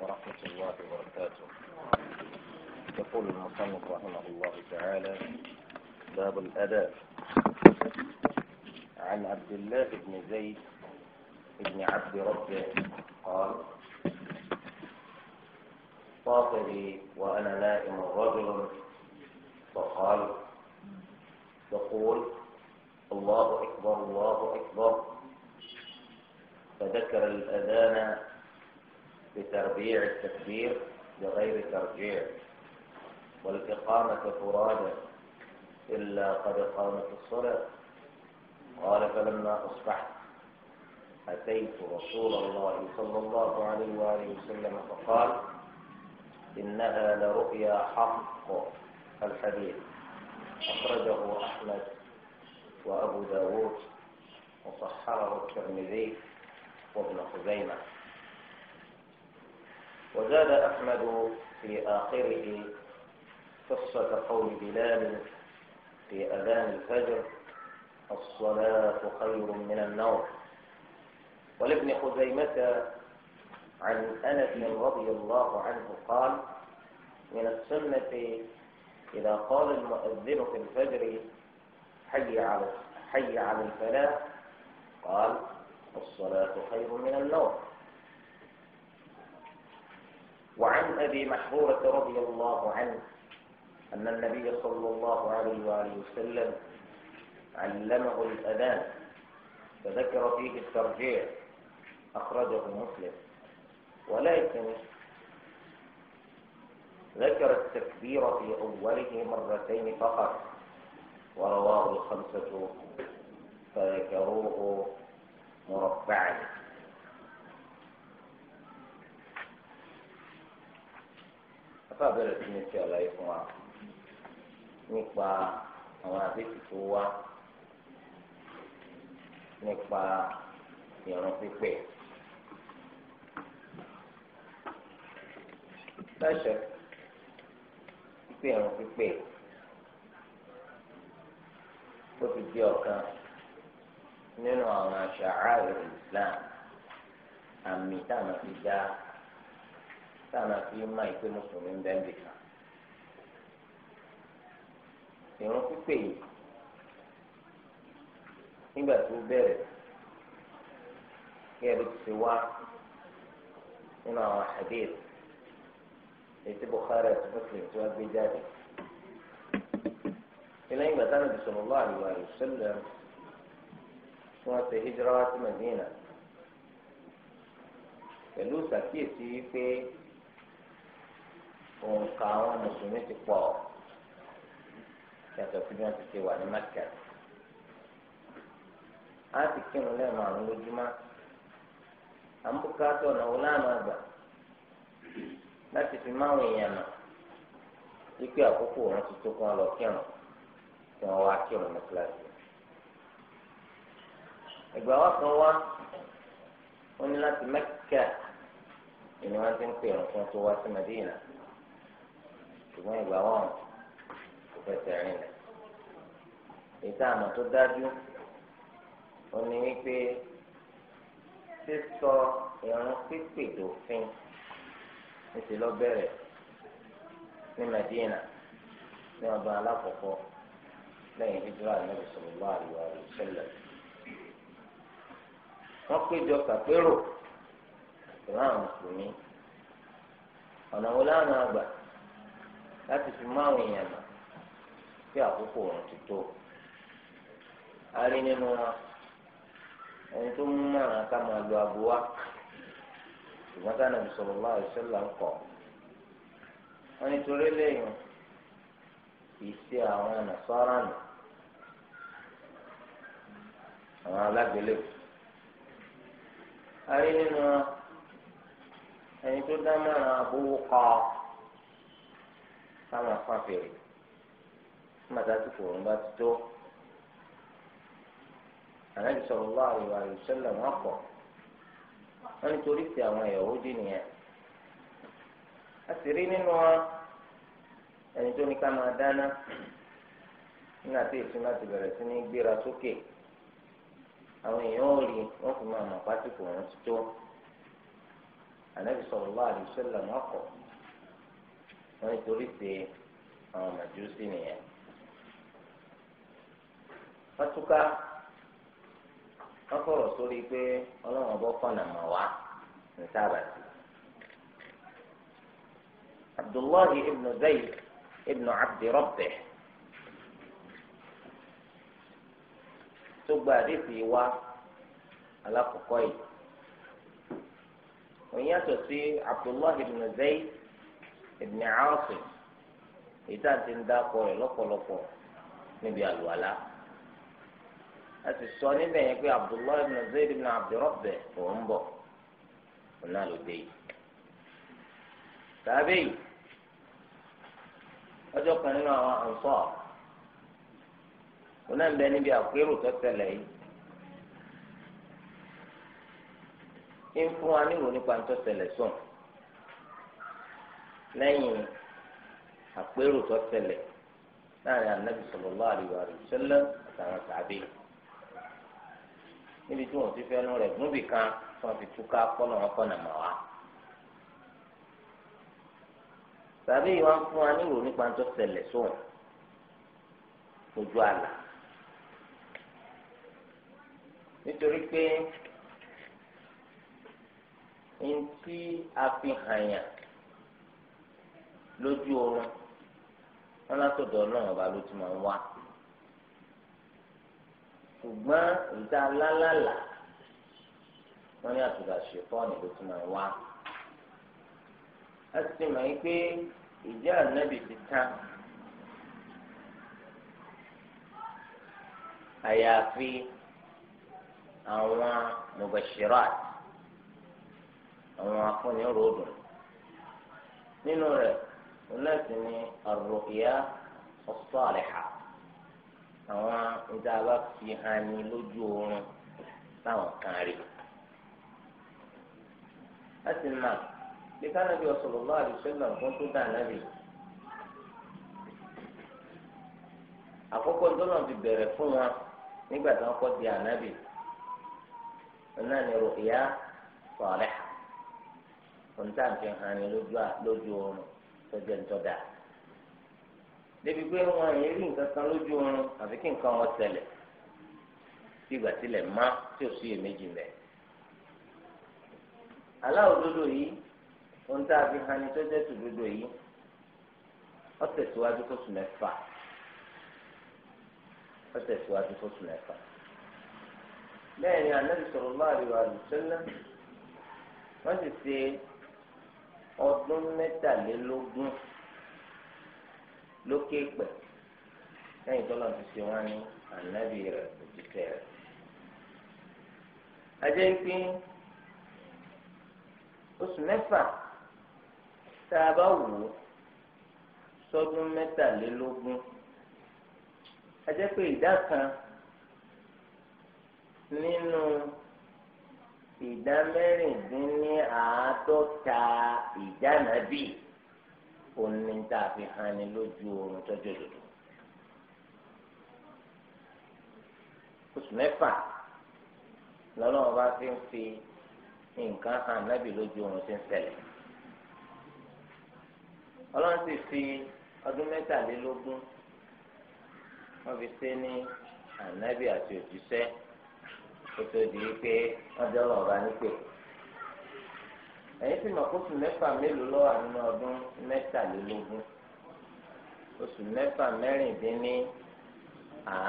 ورحمة الله وبركاته يقول المصنف رحمه الله تعالى باب الأداب عن عبد الله بن زيد بن عبد ربه قال فاطري وأنا نائم رجل فقال يقول الله أكبر الله أكبر فذكر الأذان بتربيع التكبير بغير ترجيع والإقامة فرادة إلا قد قامت الصلاة قال فلما أصبحت أتيت رسول الله صلى الله عليه وآله وسلم فقال إنها لرؤيا حق الحديث أخرجه أحمد وأبو داود وصححه الترمذي وابن خزيمة وزاد أحمد في آخره قصة قول بلال في أذان الفجر الصلاة خير من النوم ولابن خزيمة عن أنس رضي الله عنه قال من السنة إذا قال المؤذن في الفجر حي على حي على الفلاح قال الصلاة خير من النوم وعن أبي محرورة رضي الله عنه أن النبي صلى الله عليه وآله وسلم علمه الأذان فذكر فيه الترجيع أخرجه مسلم ولكن ذكر التكبير في أوله مرتين فقط ورواه الخمسة فذكروه مربعا àfa bẹ̀rẹ̀ sí ní ti àlàyé fún wa nípa àwọn àdéhùn tó wá nípa ìrun pípẹ́. lẹ́sẹ̀ pípé ìrun pípé ó ti di ọ̀kan nínú àwọn àṣà ààrẹ Islam àmì táwọn ti dá. táwọn àfi máa ìpè mùsùlùmí ń bẹ́ẹ̀ nìkan. ìrún pípé yìí nígbà tó bẹ̀rẹ̀ kí ẹ̀rọ ti ṣe wá nínú àwọn hadith etí Bukhari àti Muslim tí wọ́n gbé jáde. ilé ìgbà táwọn Ànábì sallallahu alaihi wasallam tí wọ́n ti hijira wá sí Madina pẹ̀lú ṣàkíyèsí pé. òǹkà àwọn mùsùlùmí ti pọ̀ yàtọ̀ sí bí wọ́n ti ṣe wà ní mẹ́kà. a ti kírun lẹ́ẹ̀mọ àrùn lójúmọ́ àmúkátọ̀ ọ̀nà wo láàmú àgbà láti fi èèyàn nà àkókò wọn ti tó kí wọn lọ kírun kí wọn wá kírun ní kíláàsì. ìgbà wa kan wá wọn láti ti ń pè wọn kí tó ṣùgbọ́n ìgbà wọn kò fẹsẹ̀ rìn lẹ̀. ìta àmọ̀ tó dájú ó ní wípé sísọ ìrún pípè dòfin níṣẹ́ lọ bẹ̀rẹ̀ ní Madina ní ọba alákọ̀ọ́kọ́ lẹ́yìn hijira Ànábì sallallahu alaihi wasallam. wọ́n péjọ kàpérò ìran àwọn mùsùlùmí ọ̀nà wo láwọn àgbà láti fi mú àwọn èèyàn mọ̀ pé àkókò òun ti tó a rí nínú wọn ẹni tó mú márùn ká máa lo aago wa tá nàbì sallallahu alaihi wasallam ń kọ́ wọn nítorí lẹ́yìn ìṣe àwọn nàṣọ́ra nù àwọn alágbélébù a rí nínú wọn ẹni tó dá márùn abówó kọ́ ọ sáwọn fún àfẹ́rẹ́ nígbàtà tí kò ń bá ti tó ànábì sallallahu alaihi wasallam wọn kọ̀ wọn nítorí ti àwọn Yahudi nìyẹn a sì rí nínú wọn ẹni tó ní ká máa dáná nígbà tí èsì máa ti bẹ̀rẹ̀ sí ní gbéra sókè àwọn èèyàn ò rí wọn fi máa mọ̀ pátìkù wọn ti tó ànábì sallallahu alaihi wasallam wọn kọ̀. wọn nítorí pé àwọn màjúsí nìyẹn wọn túká wọn kọrọ sórí pé ọlọ́run ọbọ mọ abdullahi ibn zayd ibn abdi rabbih tó gba àdéhùn wa alákọ̀ọ́kọ́ yìí òun sí abdullahi ibn zayd. ibn Asim ita ti ń dákọ rẹ lọ́pọ̀lọpọ̀ níbi àlùwàlá a ti sọ níbẹ̀ yẹn pé Abdullahi ibn Zayd ibn Abdurrabbah òun bọ̀ òun náà ló dé yìí tàbí ọjọ́ kan nínú àwọn àǹsọ́ òun náà ń bẹ níbi àpérò tó tẹ̀lé yìí. ń fún wa níwò nípa ń tó tẹ̀lé sùn. lẹ́yìn àpérò tó tẹ̀lẹ̀ láàrin anabi sallallahu alaihi wa sallam àtàwọn sàbẹ̀ níbi tí wọ́n ti fẹ́ rẹ̀ gúnbì kan tí wọ́n fi túká kọ́nà wọn mọ̀ wá. sàbẹ̀ yìí fún wa nípa tó tẹ̀lẹ̀ ojú àlà lójú oorun wọn látọ̀dọ̀ Ọlọ́run ọba ló ti máa ń wá ṣùgbọ́n ìta lálàlà wọn ní àtúndà ṣètọ́ọ̀nì ló ti máa ń wá a ti mọ̀ yín pé ìjẹ́ ànábì ti tán àyàfi àwọn mubashirat àwọn afúnni ròdùn nínú rẹ̀. láti ní ar-ru'ya as-salihah àwọn níta fi hàn ní lójú oorun táwọn kan rí láti máa bí kánábì sallallahu alaihi fún tó dà nábì àkọ́kọ́ ńdọ́nà ti bẹ̀rẹ̀ fún wa nígbà tí wọ́n kọ́ di ànábì ọ̀nà ni ru'ya salihah ọ̀nà tí a fi hàn ní lójú oorun. tọ́jú ẹni débi pé wọn àyè rí nǹkan kan lójú oorun àfi kí nǹkan wọn ṣẹlẹ̀ tí ìgbà tilẹ̀ má tí ò sí èméjì mẹ́. aláwòdodo yìí ohun tá a fi hàn ní tọ́jú ẹ̀sùdodo yìí ó tẹ̀síwájú kó sùn mẹ́fà ó tẹ̀síwájú kó sùn mẹ́fà bẹ́ẹ̀ ni ọdún mẹ́tàlélógún lókè pẹ̀ lẹ́yìn tó lọ́n ti ṣe wá ní ànábì rẹ̀ òjìṣẹ́ rẹ̀. ajẹ́ pé oṣù mẹ́fà tá a bá wò ó sọ́dún mẹ́tàlélógún ajẹ́ pé ìdá kan nínú. No ìdá mẹ́rìndínlẹ́ àádọ́ta ìdánabi òní tá a fi hàn ní lójú oorun tọ́jú òdodo. oṣù mẹ́fà lọ́lọ́run bá fi ń fi nǹkan hàn nábì lójú oorun ti ń ọlọ́run sì fi ọdún mẹ́tàlélógún wọ́n fi ṣe ní ànábì otu di pé wọ́n jẹ́ ọlọ́run bá ní pè. ẹ̀yin sì mọ̀ kóṣù mẹ́fà mélòó lọ́wọ́ nínú ọdún mẹ́tàlélógún oṣù mẹ́fà mẹ́rìndínní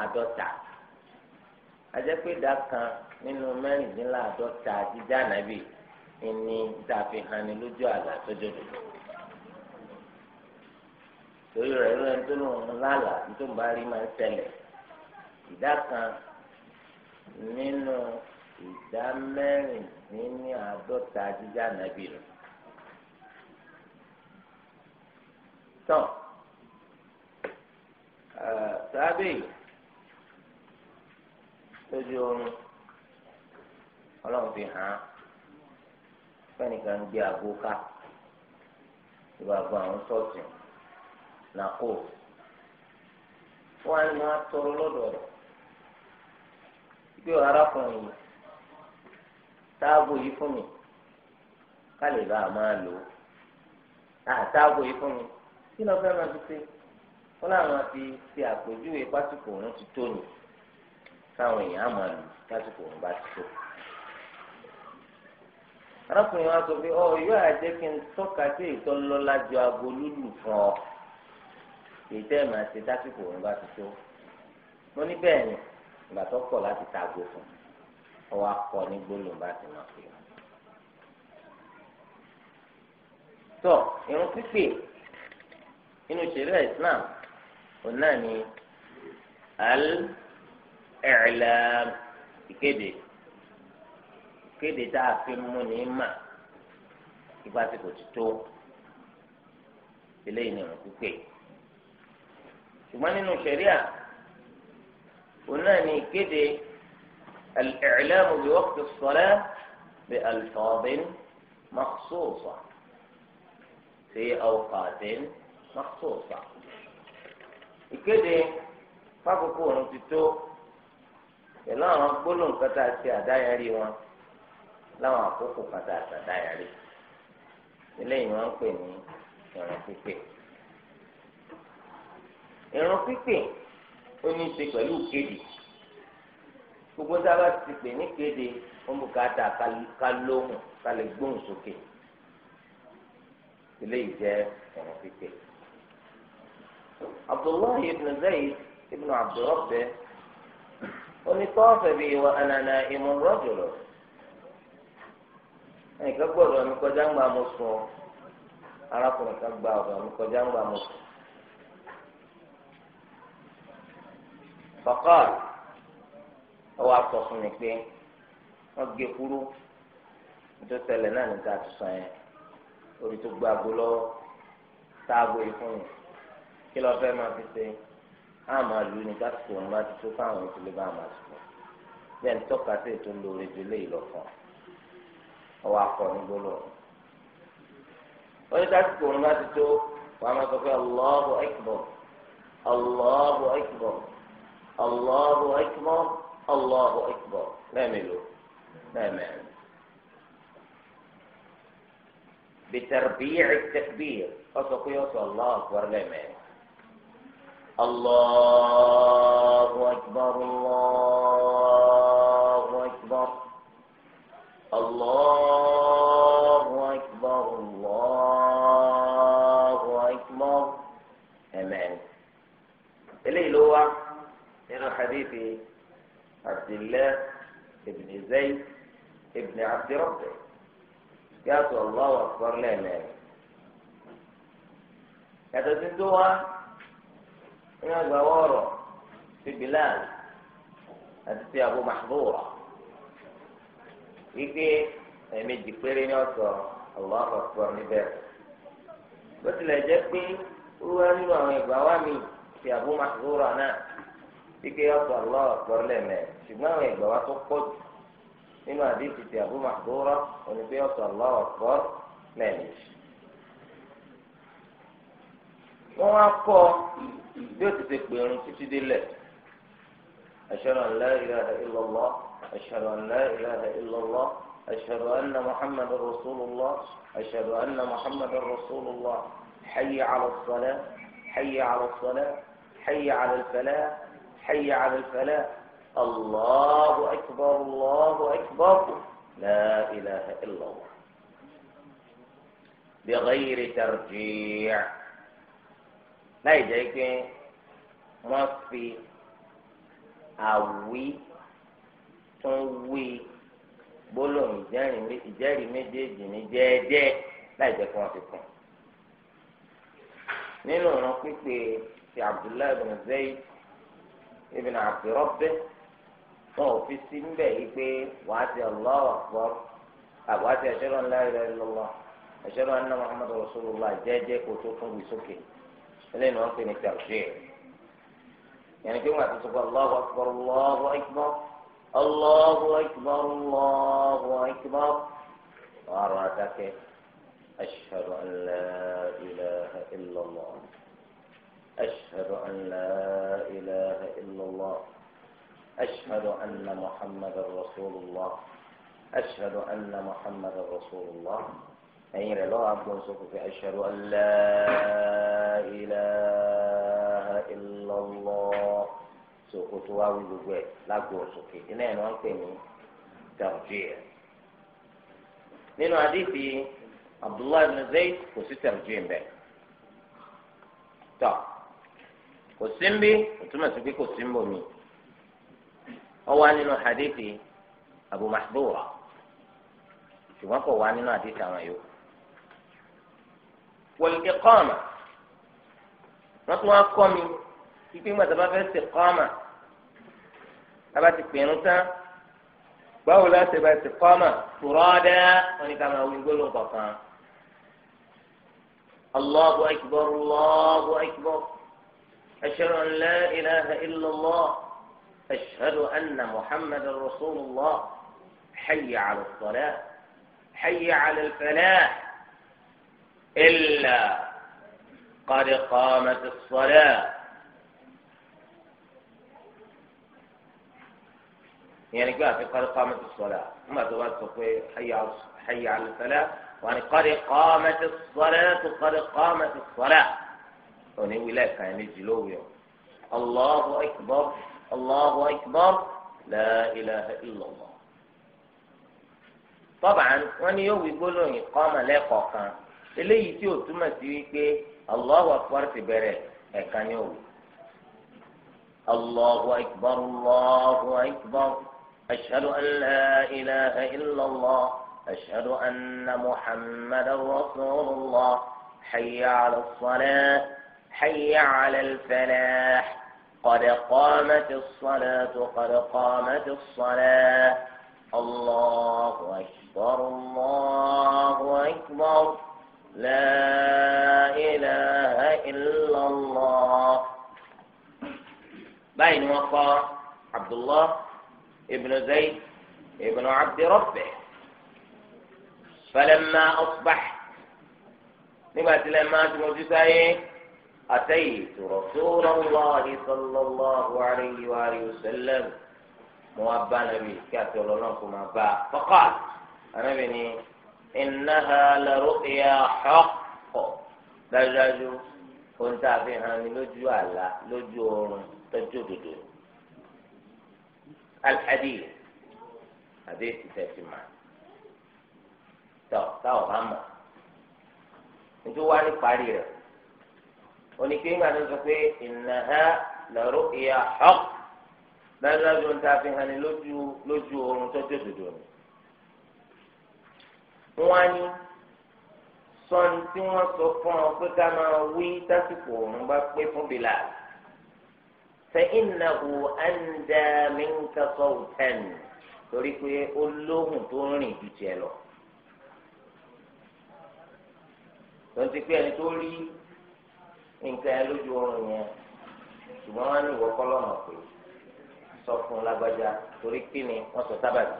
àádọ́ta ajẹ́pẹ́dà kan nínú mẹ́rìndínláàádọ́ta jíjá nàbì ìní ìtàfihàn ni lójú àlá tó jòjòjò torí rẹ̀ lóyún tó lóun lálàá tó ń bá rí máa kan nínú ìdá mẹ́rin níní àádọ́ta jíjá nàbí rẹ̀. tán sábẹ́ lójú oorun ọlọ́run fi hàn án fẹ́nìkan ń gbé àgbo ká ìwà àwọn sọ́ọ̀tì nàkó wọn tọrọ lọ́dọ̀ pé arákùnrin yìí táàbù yìí fún mi ká lè bá a máa lò ó táàbù yìí fún mi kí ló fẹ́ máa fi ṣe wọn làwọn ti ṣe àpèjúwe pásítọ̀ òun ti tó ni káwọn èèyàn á máa lò pásítọ̀ òun bá ti tó arákùnrin wa sọ pé ọ yóò àjẹ́ kí n tọ́ka sí ìtọ́lọ́lá ju aago lúlù fún ọ èyí tẹ́ ẹ̀ máa ṣe dásìkò òun bá ti tó mo ní bẹ́ẹ̀ ni ìgbà tó pọ̀ láti taago fún ọwọ́ akọ ní gbólóhùn bá ti máa pè wọ́n. tó irun pípé inú ṣẹ̀ríà Islam òun náà ni al-i'lam ìkéde ìkéde tá a fi mú ní mà ìgbà tí kò ti tó eléyìí ni irun pípé ṣùgbọ́n nínú ṣẹ̀ríà. قلنا ان كده الاعلام بوقت الصلاه بالفاظ مخصوصه في اوقات مخصوصه كده فاكو كون تتو لا كلهم كتاتي اداي اليوم لا فاكو كتاتا داي اليوم اللي ما كوني يعني كده يعني ó ní í ṣe pẹ̀lú kéde gbogbo tá a bá ti pè ní kéde ó mú ká ká lóhùn ká lè gbóhùn sókè eléyìí jẹ́ ọ̀rọ̀ pípé. Abdullahi ibn Zayd ibn Abdurrabbi onítọ́ọ̀fẹ̀ bíi wa ànànà ìmọ̀rọ̀jùlọ. ẹnìkan ń sùn ọ́ arákùnrin kan gba ọ̀dọ̀ ń fọkàn ó wàá sọ fún mi pé wọn gé kúrú nítorí tẹ́lẹ̀ náà níta tó sàn yẹn orí tó gbé aago lọ́wọ́ tá aago yìí e fún mi kí lọ fẹ́ máa fi ṣe á máa lù ní káàtó òun máa ti tó fáwọn ìdílé bá máa sùn bẹ́ẹ̀ ní tọ́ka sí ètò lóore ju léyìí lọ fún ọ ní gbólọ orí káàtó òun máa ti tó wàá máa sọ pé Allahu Akbar Allahu Akbar. الله أكبر الله أكبر لا لا مان بتربيع التكبير أصدق يوصى الله أكبر لا مان الله أكبر الله أكبر الله nínú hadithi abdillah ibn zayd ibn abdirabbe yàtọ̀ allahu akbar lẹ́ẹ̀mẹ́rin yàtọ̀ sí tó wá nínú àgbà wọ́ọ̀rọ̀ ti bilal àti ti abu mahdura wípé ẹ̀ẹ̀mejì péré ní ọ̀sọ̀ allahu akbar níbẹ̀ bó tilẹ̀ jẹ́ pé ó wá nínú àwọn ìgbà wá mi ti abu mahdura náà. wíkẹ́ yọ̀tọ̀ allah akbar lẹ́mẹ̀ ṣùgbọ́n àwọn ìgbà wa tó pọ̀ nínú àdéhùn ti àbú màdúrà onígbé yọ̀tọ̀ allah akbar lẹ́mẹ̀. wọ́n wá kọ́ bí ó ti ti pè irun títí délẹ̀ ashhadu an la ilaha illallah ashhadu an la ilaha illallah ashhadu anna muhammadar rasulullah ashhadu anna muhammadar rasulullah hayya ala as-salah hayya ala as-salah hayya ala al-falah. حي على الفلاح الله أكبر الله أكبر لا إله إلا الله بغير ترجيع لا يجيك موفي أوي توي بولون جاني جاني مجي جني جي جي لا يجيك موفي كون نينو نوكي في عبد الله بن زيد ابن عبد ربه wọn ò fi sí ń bẹ̀ yìí pé wàá ti Allahu Akbar àbúrò àti ashhadu an la ilaha illallah ashhadu anna Muhammadur Rasulullah jẹ́jẹ́ kó tó fún wí sókè eléyìí ni wọ́n pè ní tàbíṣe yẹn ni pé wọ́n àti sọ pé Allahu Akbar Allahu Akbar Allahu Akbar Allahu Akbar wàá rọ adákẹ́ ashhadu an la ilaha illallah. أشهد أن لا إله إلا الله أشهد أن محمد رسول الله أشهد أن محمد رسول الله أين لا أقول صفوف أشهد أن لا إله إلا الله سقط واوي لا أقول صفوف إن أنا أقول ترجيع نينو àdìsí عبد الله بن زيد وسي ترجيع jù bẹ́ẹ̀ طيب. kò sí ń bí kò túmọ̀ sí pé kò sí ń mí wá nínú hadithi Abu Mahdura ṣùgbọ́n kò wá nínú hadithi àwọn yòókù wal iqama wọ́n tún wá kọ́ mi ipe gbàtà bá fẹ́ ṣe iqama ti tán báwo la ṣe bá ṣe kọ̀ọ̀kan Allahu أشهد أن لا إله إلا الله أشهد أن محمد رسول الله حي على الصلاة حي على الفلاح إلا قد قامت الصلاة يعني قال قد قامت الصلاة ما تقول حي على حي على الفلاح يعني قد قامت الصلاة قد قامت الصلاة òní wílẹ̀ kan ẹ̀ méjì lówùú yọ Allahu akbar Allahu akbar la ilaha illallah tọ́ba wọn ni yóò wí gbólóyìn kọ́ mọ̀lẹ́kọ̀ọ́ kan eléyìí tí ó túmọ̀ sí wípé Allahu akbar ti bẹ̀rẹ̀ ẹ̀kan ni ó wù. الله أكبر الله أكبر أشهد أن لا إله إلا الله أشهد أن محمدا رسول الله حي على الفلاح قد قامت الصلاة قد قامت الصلاة الله أكبر الله أكبر لا إله إلا الله بين وقع عبد الله ابن زيد ابن عبد ربه فلما أصبحت نبات لما تموت سايه أتيت رسول الله صلى الله عليه وآله وسلم موابا نبي كاتب لكم أبا فقال أنا بني إنها لرؤيا حق دجاج كنت فيها من لجو على لجو تجدد الحديث حديث تسمع تو تو هم نتوالي قريب oníkẹ́ ńgbà tó sọ pé ìnáhà lọ́rọ́ ìyá ọ́ lọ́dọ́dọ́ ń ta fi hàn ní lójú lójú oorun tọ́jú òdòdó ni. wọ́n á ní sọ́ni tí wọ́n sọ fún ọ pé ká máa wí tásìkò oorun bá pé fún bìlà. فإنه أندى منك صوتا torí pé ó lóhùn tó ń rìn ju tiẹ̀ lọ. lọ́n ti pé ẹni tó rí nǹkan ẹ lójú oorun yẹn ṣùgbọ́n wọ́n á ní ìwọ́kọ́ lọ́nà pé sọ fún lágbájá torí kí ni wọ́n sọ sábàbí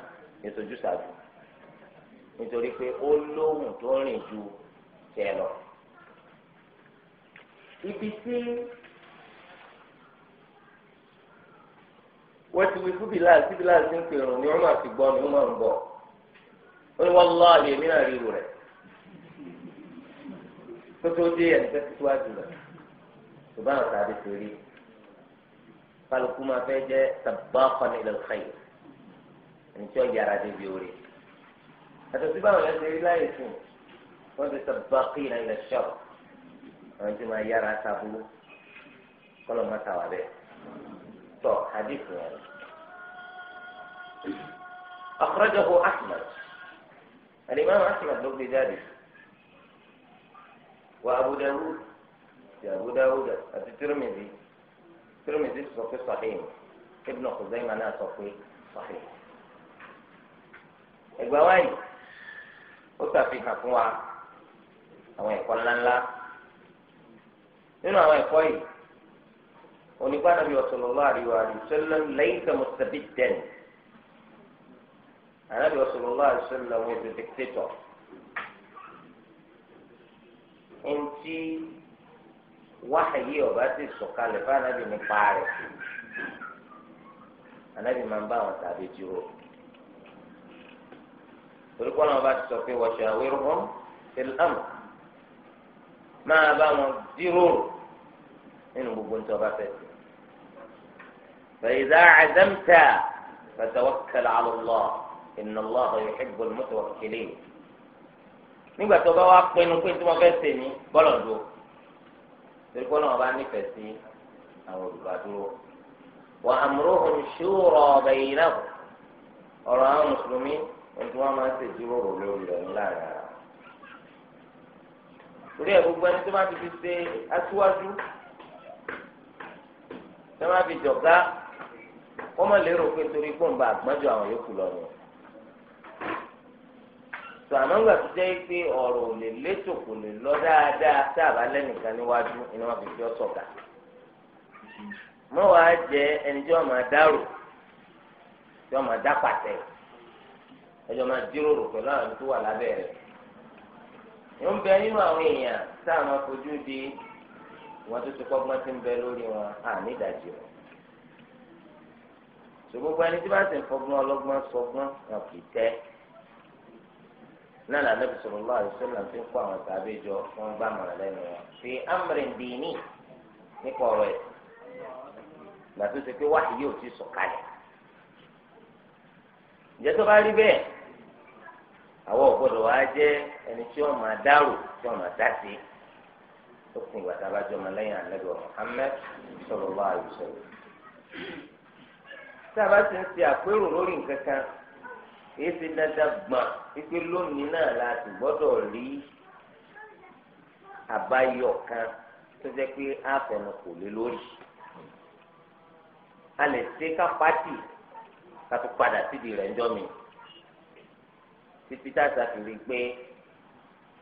ìṣojú nítorí pé ó ibi tí wọ́n ti wí fún Bilal tí Bilal ń pè ni wọ́n máa fi gbọ́ ni wọ́n máa ń bọ̀ ó ní wọ́n ṣùgbọ́n àwọn tàbí torí kálukú máa fẹ́ jẹ́ sabaqan ila al-khayr ẹni tí ó yára débi orí àti òsì báwọn yẹn ti rí láyé sùn wọ́n ti sabaqina ila al-shar àwọn tí máa yára sábúrú kọ́lọ́ máa tà wá bẹ́ẹ̀ tọ́ àdìsùn yẹn. أخرجه أحمد الإمام أحمد بن ذلك وأبو داود àti Abu Dawud àti Tirmidhi Tirmidhi sọ pé sahih Ibn Khuzaimah náà sọ pé sahih. ẹgbà wáyé ó ṣàfihàn fún wa àwọn ẹ̀kọ́ ńláńlá nínú àwọn ẹ̀kọ́ yìí onígbà nàbí sallallahu alaihi wa sallam laysa mustabiddan ànábì sallallahu alaihi wa sallam wọn ètò dictator wáhàyè ọba ti sọ̀kalẹ̀ fún anabi nípa rẹ̀ anabi máa ń bá àwọn tàbí dúró torí kọ́ làwọn bá ti sọ pé wọ́ṣọ àwérò wọn tẹ̀lé àmì máa bá wọn jíròrò nínú gbogbo ní ọba fẹ́ sí. فإذا عزمت فتوكل على الله إن الله يحب المتوكلين nígbà tó bá wá pinnu pé tí wọ́n fẹ́ ṣe ní bọ́lọ̀ dúró torí pé ọlọ́run bá nífẹ̀ẹ́ sí àwọn olùgbàdúró wa amruhum shura baynahum ọ̀rọ̀ àwọn mùsùlùmí ohun tí wọ́n máa ń ṣèjíròrò lórí rẹ̀ ńlá rẹ̀ torí ẹ̀ gbogbo ẹni tó bá ti fi ṣe aṣíwájú tó bá fi jọ̀gá kọ́mọ lérò pé torí pé àgbọ́njọ àwọn yòókù lọ́nà tó àmọ́ ńgbà tó jẹ́ pé ọ̀rọ̀ ò lè létò kò lè lọ dáadáa tá a bá lẹ́nìkan níwájú iná wọn fi fi ọ́ sọ̀gà. mọ́ wàá jẹ ẹni tí wọ́n máa dárò tí wọ́n máa dá pàtẹ́ ẹjọ́ máa jíròrò pẹ̀lú àwọn tó wà lábẹ́ rẹ̀. ń bẹ nínú àwọn èèyàn tá a máa fojú di wọn tó ti kọ́gbọ́n ti ń bẹ lórí wọn à nídàájí wọn. ṣùgbọ́n gbogbo ẹni tí wọ́n ti fọgbọ́n ọlọ́gbọ́n sọgbọ́n náà lànà bisalòlá àdìsọ́lá ti kó àwọn sàbẹ̀ jọ wọn bá mọ̀ràn wọn fi amúrin dìní nípa ọ̀rọ̀ ẹ̀ gbàtó ṣe pé wáyé yóò ti tó bá rí àwọn wa jẹ́ ẹni tí wọ́n máa dárò tí wọ́n máa dá ó fún ìgbà tá a a bá ti ń àpérò kìí ṣe dandan gbọ̀n wípé lónìí náà la ti gbọ́dọ̀ rí àbáyọ kan tó jẹ́ pé a fẹnu kò lé lórí a lè ṣe ká pàtì ká tó padà sídìí rẹ̀ ńjọ́ mi títí tá a ṣàfihàn pé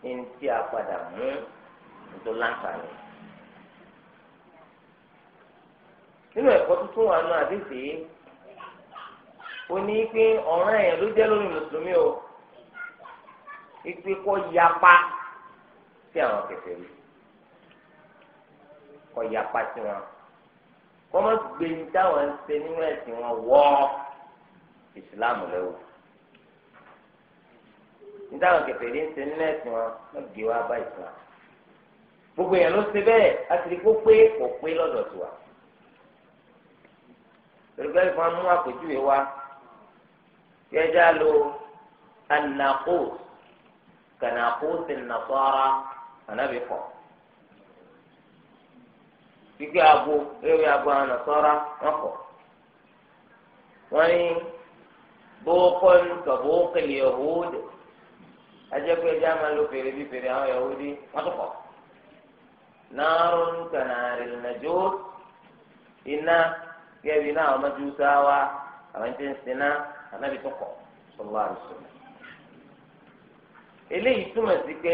ní tí a padà mú nítorí láǹfààní. nínú ẹ̀kọ́ tuntun wa náà àdéhùn ó ní pé ọ̀ràn èèyàn ló jẹ́ lórí mùsùlùmí o ipe kọ́ yapa sí àwọn kẹfẹ́ rí kọ́ yapa sí wọn kọ́ mọ́ gbé ní táwọn ń ṣe nínú ẹ̀sìn wọn wọ́ ìsìláàmù lẹ́wọ̀ ní táwọn kẹfẹ́ rí ń ṣe nínú ẹ̀sìn wọn wọ́n gbé wá bá ìsìláàmù gbogbo èèyàn ló ṣe bẹ́ẹ̀ láti rí kó pé kò pé lọ́dọ̀ tiwa. Èrùgbẹ́ ìfọ̀n mú àpèjúwe wa. يجعل الناقوس كناقوس النصارى النبي قال gbígbé aago ewé aago àwọn nasọ́ra wọn kọ̀ wọ́n ní bókọ́n kàbókèlè yahoodi ajẹ́pẹ́ jáma ló fèrè bí fèrè àwọn yahoodi wọ́n tó kọ̀ náírùn kànáàrì nàjó iná gẹ́bí náà àwọn mẹ́túsáwá àwọn tí ń siná ànábì tó kọ̀ sallallahu alaihi wasallam. eléyìí túmọ̀ sí pé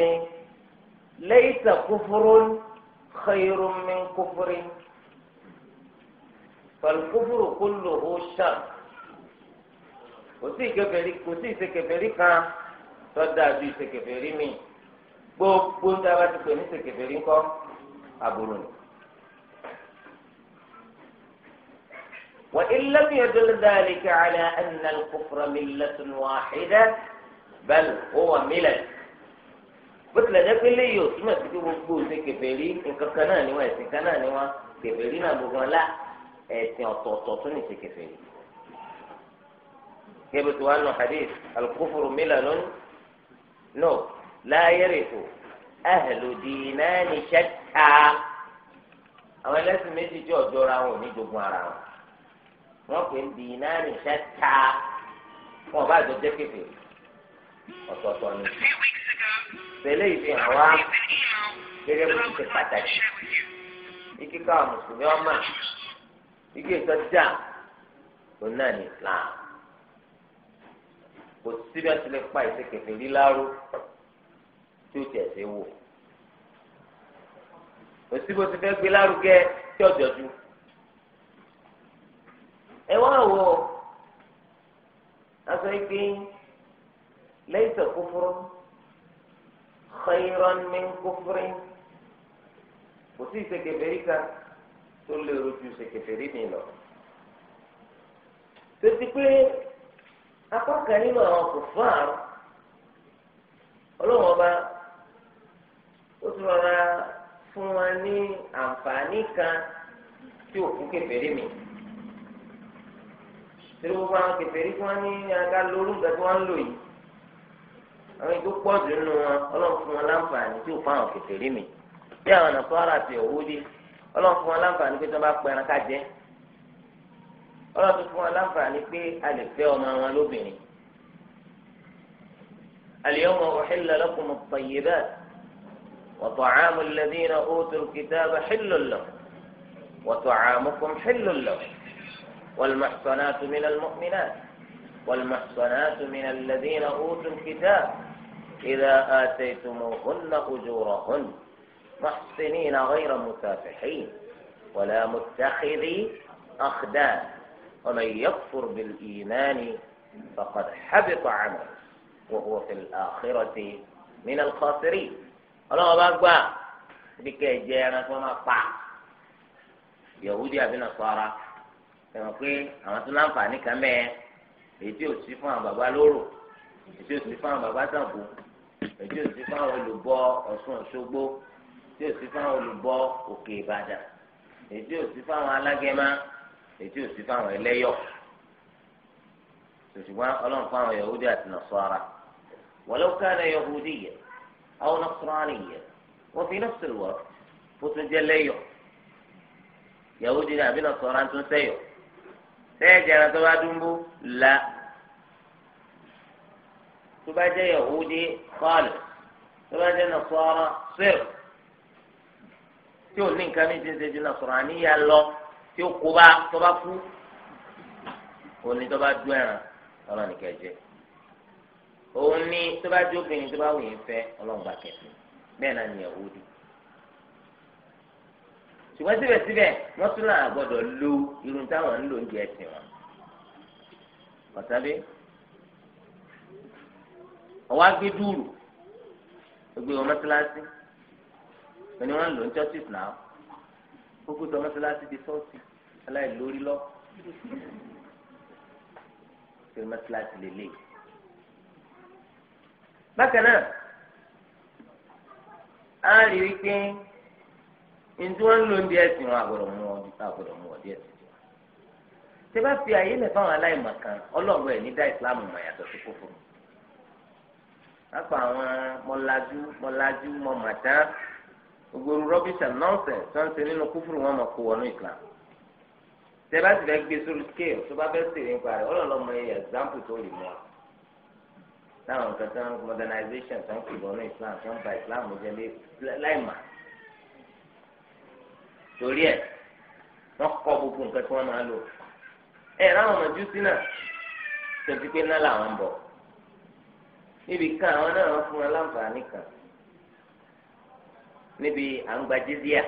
laysa kufrun khayrun min kufrin fal kufru kulluhu sharr kò sí ìkẹfẹ̀rí kò sí ìṣekẹfẹ̀rí kan tó ju ìṣekẹfẹ̀rí mi gbogbo ń dábàá ti pè ní ìṣekẹfẹ̀rí ńkọ́ àbúrò ni. وإن لم يدل ذلك على أن الكفر ملة واحدة بل هو ملل مثل نبي لي يوسف تجيب بوز كبيري إنك كناني وإنك كناني وا كبيري ما بقول لا إنتي إيه، أتوتوتني كبيري كيف تقول حديث الكفر ملل نو لا يرث أهل دينان شكا أولا سميتي جو جو راهو ني جو wọn pè ń bì náà ní iṣẹ́ ta wọn bá jọ jẹ́ kéfì ọ̀tọ̀ọ̀tọ̀ ni. tẹ̀lé ìfihàn wa gẹ́gẹ́ bó ti ṣe pàtàkì ike káwọn mùsùlùmí ọmọ ike ìtọ́jà òun náà ní Islam kò síbi àti lè pa ìṣe kéfì rí láró tí ó tiẹ̀ ṣe wò kò síbi ó ti fẹ́ gbé lárugẹ tí ọ̀jọ̀jú ẹ wá wọ aṣọ ìpè laysa kufru khayran min kufri kò sí ìṣèkèfèrí kan tó lérò ju ìṣèkèfèrí mi lọ. tó ti pé apá nínú àwọn kò fún ọlọ́wọ́n bá ó tún rọra fún wa ní àǹfààní kan tí òkú kèfèrí mi torí gbogbo àwọn kèfèrí tí wọ́n ní aga lórí nǹkan tí wọ́n ń lò yìí àwọn ètò pọ̀ jù nínú wọn ọlọ́run fún wọn láǹfààní tí ò fún àwọn kèfèrí mi bí àwọn nàfọ́ọ́rà àti òwúdi ọlọ́run fún wọn láǹfààní pé tí wọ́n bá pẹran ká jẹ ọlọ́run fún wọn láǹfààní pé a lè fẹ́ ọmọ wọn lóbìnrin اليوم أحل لكم الطيبات وطعام الذين أوتوا الكتاب حل لكم وطعامكم حل لكم والمحصنات من المؤمنات والمحصنات من الذين أوتوا الكتاب إذا آتيتموهن أجورهن محصنين غير مسافحين ولا متخذي أخدان ومن يكفر بالإيمان فقد حبط عمله وهو في الآخرة من الخاسرين الله bá بك bí kẹ́ يهودي jẹ ẹran sẹ̀wọ̀n pé àwọn tó láǹfààní kan bẹ́ẹ̀ èyí tí ò sí fún àwọn bàbá lóró èyí tí ò sí fún àwọn bàbá sàbò èyí tí ò sí fún àwọn olùbọ Ọ̀ṣun Òṣogbo èyí tí ò sí fún àwọn olùbọ Òkè Ìbàdàn èyí tí ò sí fún àwọn alágẹmá èyí tí ò sí fún àwọn ẹlẹ́yọ̀ ṣùgbọ́n ọlọ́run fún àwọn yahudi àti nasara walau kana yahudiyya aw nasraniyya wa fi nafsi al fótó jẹ́ lẹ́yọ̀ yahudi àbí nasara tó sẹ́yọ̀ sẹ́yìn jẹrán tó bá dúnbó la tó bá jẹ́ yahudi kọ́ọ̀lù tó bá jẹ́ nasara sẹ́ẹ̀ tí ò ní nǹkan mi ti ń ṣẹ́jú nasọ̀rọ̀ àníyá lọ tí ó kó bá tó bá kú òní tó bá dún ẹ̀ràn ọlọ́run nìkan jẹ́ òun ní tó bá jó obìnrin tó bá wù yín fẹ́ ọlọ́run bá kẹ̀sìn bẹ́ẹ̀ náà ni yahudi ṣùgbọ́n síbẹ̀síbẹ̀ wọ́n tún náà gbọ́dọ̀ lo irun táwọn ń lò ń jẹ ẹ̀sìn wọn. ọ̀sábí ọwọ́ agbé dúró gbogbo ìwọ mọ́sálásí ẹni wọ́n ń lò ń churches náà gbogbo ìwọ mọ́sálásí di sọ́ọ̀sì aláìlórí lọ. ṣé mọ́sálásí lè lè? bákan náà a rí i pé ntí wọn lò ń di ẹsìn wọn àgbọ́dọ̀ mú wọn àgbọ́dọ̀ mú wọn di ẹsìn tiwọn. tí bá fi àyè lẹ fáwọn aláìmọ̀ kan ọlọ́run ẹ ní dá ìsìlámù mọ̀ yàtọ̀ sí kófò mi. lápá àwọn mọlájú mọlájú mọmàtá gbogbo rubbish and nonsense tó ń ṣe nínú kúfùrù wọn mọ kó wọnú ìsìlámù. tí bá ti fẹ́ gbé sórí scale tó bá fẹ́ sèré nípa rẹ̀ ọlọ́run mọ iye example tó lè mú táwọn nǹkan tó ń modernization tó ń kì torí ẹ̀ wọ́n kọ́ gbogbo nǹkan tí wọ́n máa lò ẹ̀ ráwọn ọmọ júùsì náà tẹ̀sí pé náà làwọn ń bọ̀ níbi kan àwọn náà wọ́n fún wọn láǹfààní kan níbi à ń gba jizíà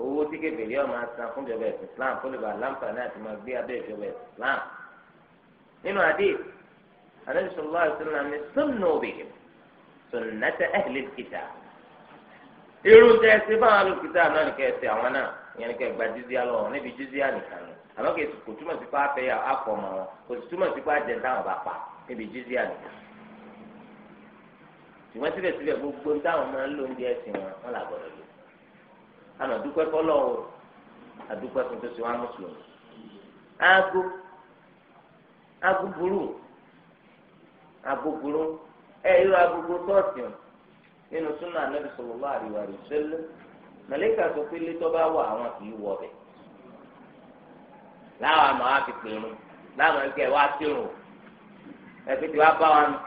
owó tí kébèrè ọmọ asan fún ìjọba ẹ̀sìn Islam kó lè bá láǹfààní àti máa gbé abẹ́ ìjọba ẹ̀sìn Islam nínú adé Ànábì sallallahu alaihi wasallam ní òbí náà tẹ irú tẹ ẹsẹ báwọn alùpùpù náà nìkẹ ẹsẹ àwọn náà ìyẹn nìkẹ gba jizia lọ wọn níbi jizia nìkan ni àmọ́ kò kò túmọ̀ sí pé afẹ́ akọ ọmọ wọn kò sì túmọ̀ sí pé ajẹ́ bá pa níbi jizia nìkan ṣùgbọ́n síbẹ̀síbẹ̀ gbogbo táwọn máa ń lò ń di ẹ̀sìn wọn wọn là gbọdọ̀ lò dúpẹ́ o àdúpẹ́ fún tó wá aago aago burú aago burú nínú súnà anábì sallallahu alaihi wasallam mẹlẹ́kà sọ pé létọ́ bá wà àwọn kì í wọ bẹ̀ láwọn àmọ́ á fi pèrún láwọn ẹgbẹ́ wa tìrùn ẹgbẹ́ tí wàá bá wa nù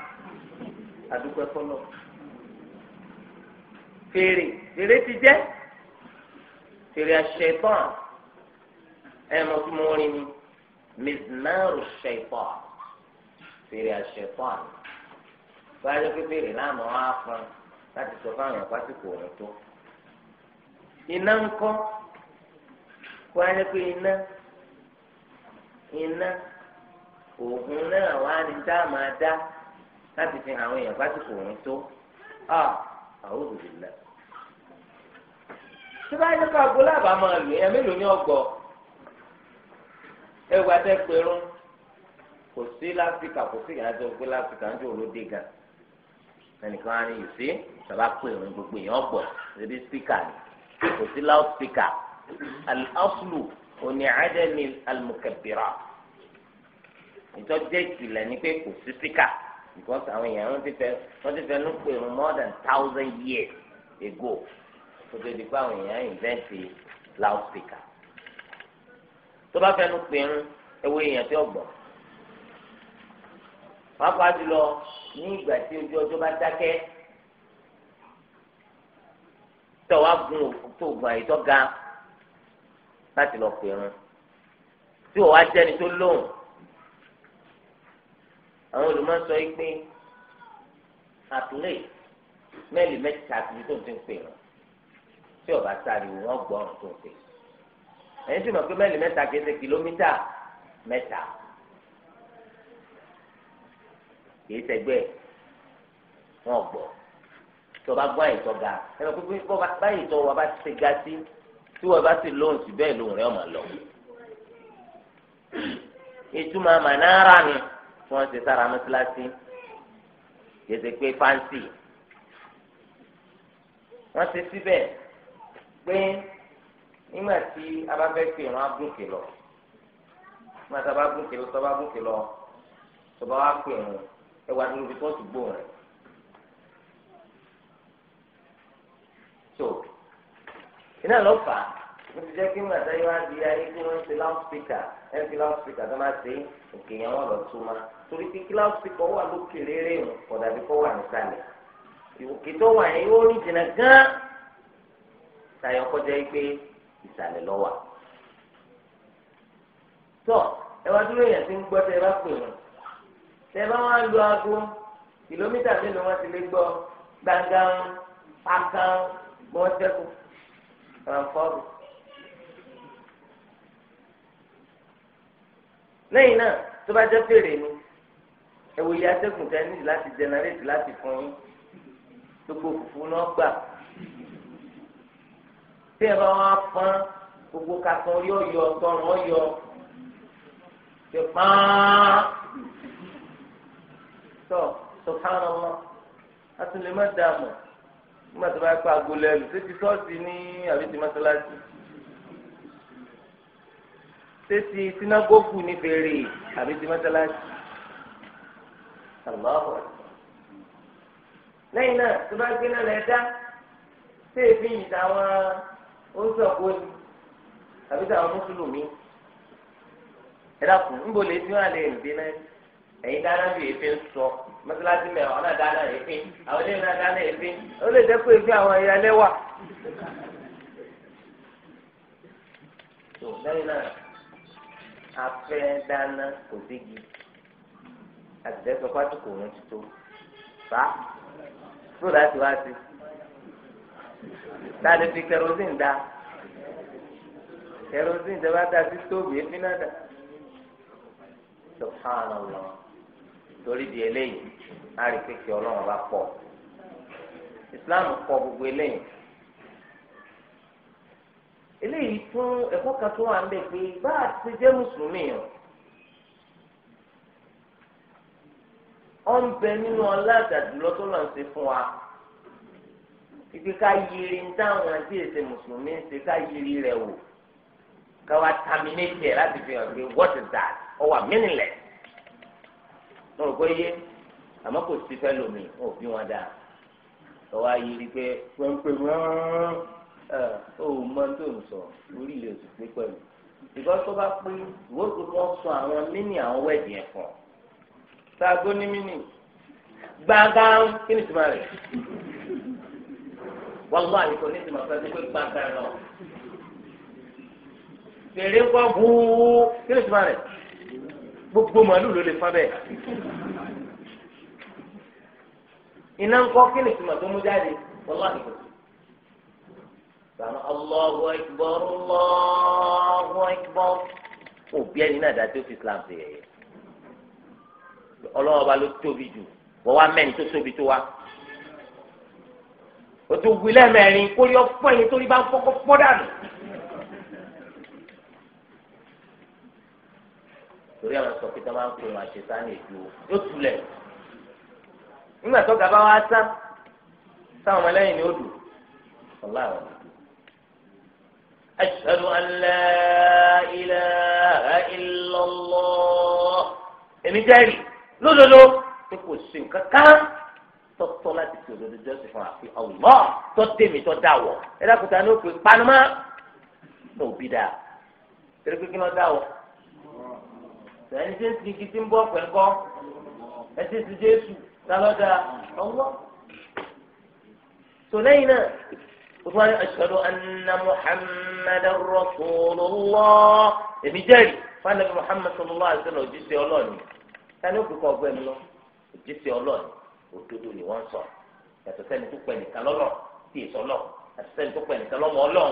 àdúgbò fọlọ́ fèrè fèrè ti jẹ́ fèrè àṣetán ẹ tí mo rìn ni mizmaru ṣetán fèrè àṣetán báyọ̀ pé fèrè náà mọ̀ á fún un. láti sọ fáwọn pásítọ̀ ọ̀rọ̀ tó. iná ń kọ kó a ní pé iná iná oògùn náà wá ní tá láti fi àwọn èèyàn pásítọ̀ ọ̀rọ̀ tó a àwọn òbí lẹ. tí bá yẹ ká gbọ́ lábàá máa lò èèyàn mélòó ní kò sí láfíríkà kò sí gbé tàbá pè wọn gbogbo èèyàn gbọ́ ṣẹbi spíkà ni kò sí loud speaker al-aslu oní adami al-mukabbira ìtọ́jú ìkìlẹ̀ ni pé kò sí spíkà because àwọn èèyàn wọn ti fẹ́ wọn ti fẹ́ ló pè wọn more than thousand years ago kó tó di pé àwọn èèyàn invent loud speaker tó bá fẹ́ ló pè ń ewu èèyàn tí ó gbọ́ pàápàá jùlọ ní ìgbà tí ojú ọjọ́ bá dákẹ́ tẹ wàá gun òfin tó gun àyè tó ga láti lọ pèrún tí wọ́n wá jẹ́ni tó lóhùn àwọn olùmọ̀sọ yìí pé àtúlẹ̀ mẹ́lì mẹ́ta àtúlẹ̀ tó ń ti ń pè wọ́n tí ọba sáré wọn gbọ́ràn tó ń pè ẹ̀yin sì mọ̀ pé mẹ́lì mẹ́ta kìí ṣe kìlómítà mẹ́ta kìí ṣẹgbẹ́ wọn gbọ́ tó bá gbọ́ àyètọ́ ga ẹ̀rọ pípé báyìí tó wà bá ti ga sí tí wọ́n bá sì lóhùn sí bẹ́ẹ̀ lóhùn rẹ̀ ọ̀mà lọ. ìtumọ̀ mànára ni tí wọ́n ti sára mọ́síláṣí gbèsè pé fáǹsì wọ́n ti síbẹ̀ pé nígbà tí a bá fẹ́ pè wọ́n á gòkè lọ nígbà tí a bá gòkè lọ tó bá gòkè lọ tó bá wá pè wọ́n ẹ wá dúró tó ti gbóhùn rẹ̀. iná lọ fà á mo ti jẹ́ kí mo àtàyè wá di ayé kí wọ́n ṣe láùspíkà ẹ̀ fi láùspíkà tó máa ṣe òkè yẹn wọ́n lọ tó ma torí pé kí láùspíkà wà lókè rere o kò dàbí kó wà nísàlẹ̀ òkè tó wà yẹn yóò ní jìnnà gán tayọ kọjá yìí pé ìsàlẹ̀ lọ wà. tọ́ ẹ wá dúró èèyàn ti ń gbọ́ tẹ ẹ bá pè wọ́n tẹ ẹ bá wá lu aago kìlómítà mélòó wọ́n ti lè gbọ́ gbàngàn pàkàn mọ́tẹ́kù àǹfọ̀rù. lẹ́yìn náà tó bá jẹ́ fèrè ni ẹ̀wò ìyá atẹ́gùn tẹ́ nídìí láti jẹnẹrétì láti fún yín gbogbo òfúfú náà gbà tí ẹ bá wọn pọ́n gbogbo kàtàn orí ọ̀yọ́ tọrùn ọ̀yọ́ ti pọ́n tó sọ̀kánà wọn a tún lè má dààmú nígbà tó bá pa agolo ẹlù ṣé ti ṣọ́ọ̀ṣì ní àbí ti mọ́ṣáláṣí ṣé ti sinagogu ní fèrè àbí ti mọ́ṣáláṣí àlọ́ lẹ́yìn náà tó bá gbé náà lẹ́dá ṣé èéfì yìí táwọn ó ń sọ̀kò ni àbí táwọn mùsùlùmí ẹ̀dá kù ń bọ̀ lè fi hàn lè dé náà ẹ̀yin dáná bí èéfì sọ mọ́sálásí mẹ́ ọ̀ náà dáná èéfín àwọn ilé náà dáná èéfín ó lè jẹ́ pé èéfín àwọn ẹ̀yà lẹ́wà. tó lẹ́yìn náà afẹ́ dáná kò ségi àtijọ́ sọ pé àtìkò òun ti tó fa tó láti wá sí láti fi kerosene dá kerosene tẹ bá dá sí stóòbù èéfín náà dá subhanallah torí di eléyìí a rí pé kí ọlọ́run bá pọ̀ islam kọ gbogbo eléyìí eléyìí tún ẹ̀kọ́ kan tó wà ń bẹ̀ pé bá a ti jẹ́ mùsùlùmí o ọ ń bẹ nínú ọlá àtàdúró tó lọ́n ṣe fún wa ibi ká yiri ń táwọn àti èsè mùsùlùmí ń ṣe ká yiri rẹ̀ wò ká wa terminate ẹ̀ láti fi hàn pé what is that ó wà mo rò pé yé àmọ́ kò sí fẹ́ lómi ò bí wọn dáa lọ́wọ́ ayé rí pé pẹ́ńpẹ́ rán ó mọ tó ń sọ orí ilé oṣù pé pẹ̀lú ìgbà tó bá pín ìwọ́sùn wọn sọ àwọn níní àwọn wẹ̀dì ẹ̀ fún ọ sáàgbó ní mímì gbàgà kí ni tìmọ̀ rẹ̀ wọ́n gbọ́ àyíkọ́ ní tìmọ̀ fẹ́ pé gbàgà lọ fèrè kọ́ bú kí ni tìmọ̀ rẹ̀ gbogbo màálù ló lè fọ́n bẹ́ẹ̀. iná ń kọ́ kí ni tìmọ̀ tó mú jáde wọ́lá nìkan. sàmà Allahu akbar Allahu akbar òbí ẹni náà dájú fi Islam ṣe yẹ̀yẹ́ ọlọ́wọ́ ba ló tóbi jù wọ́n wá mẹ́rin tó tóbi tó wá. o tún wí lẹ́mẹ̀rin kórìí ọ̀pọ̀ ẹ̀yìn torí bá ń fọ́kọ́ fọ́ dànù. torí àwọn sọ pé tá máa ń pè wọn o yóò túlẹ̀ nígbà tó gàba wa sá táwọn ọmọlẹ́yìn ni ó dùn ọ̀la àwọn ọ̀dùn. أشهد أن لا إله èmi jẹ́rìí lódodo pé kò sí nǹkan tọ́tọ́ láti fi òdodo jọ́sìn fún àfi ọ̀wọ́ tó tèmi tó dáwọ̀ ẹ̀dá kùtà ní òkè panumá ní òbí dáa tẹ́lẹ̀ pé kí wọ́n dáwọ̀ sẹ́yìn tí ń ti igi tí ń bọ́ pẹ̀ kọ́ ẹ ti ti jésù sálọ́dà ọwọ́. tó lẹ́yìn náà wọ́n ní ashhadu anna muhammadan rasulullah èmi jẹ́rìí fanabi muhammad sallallahu alaihi wasallam òjíṣẹ́ ọlọ́ọ̀ni sani ó kíkọ́ ọgbẹ́ mi lọ òjíṣẹ́ ọlọ́ọ̀ni òdodo ni wọ́n sọ yàtọ̀ sẹ́ni tó pẹ̀ nìkan tí ì sọ́lọ́ àti sẹ́ni tó pẹ̀ nìkan ọlọ́ọ̀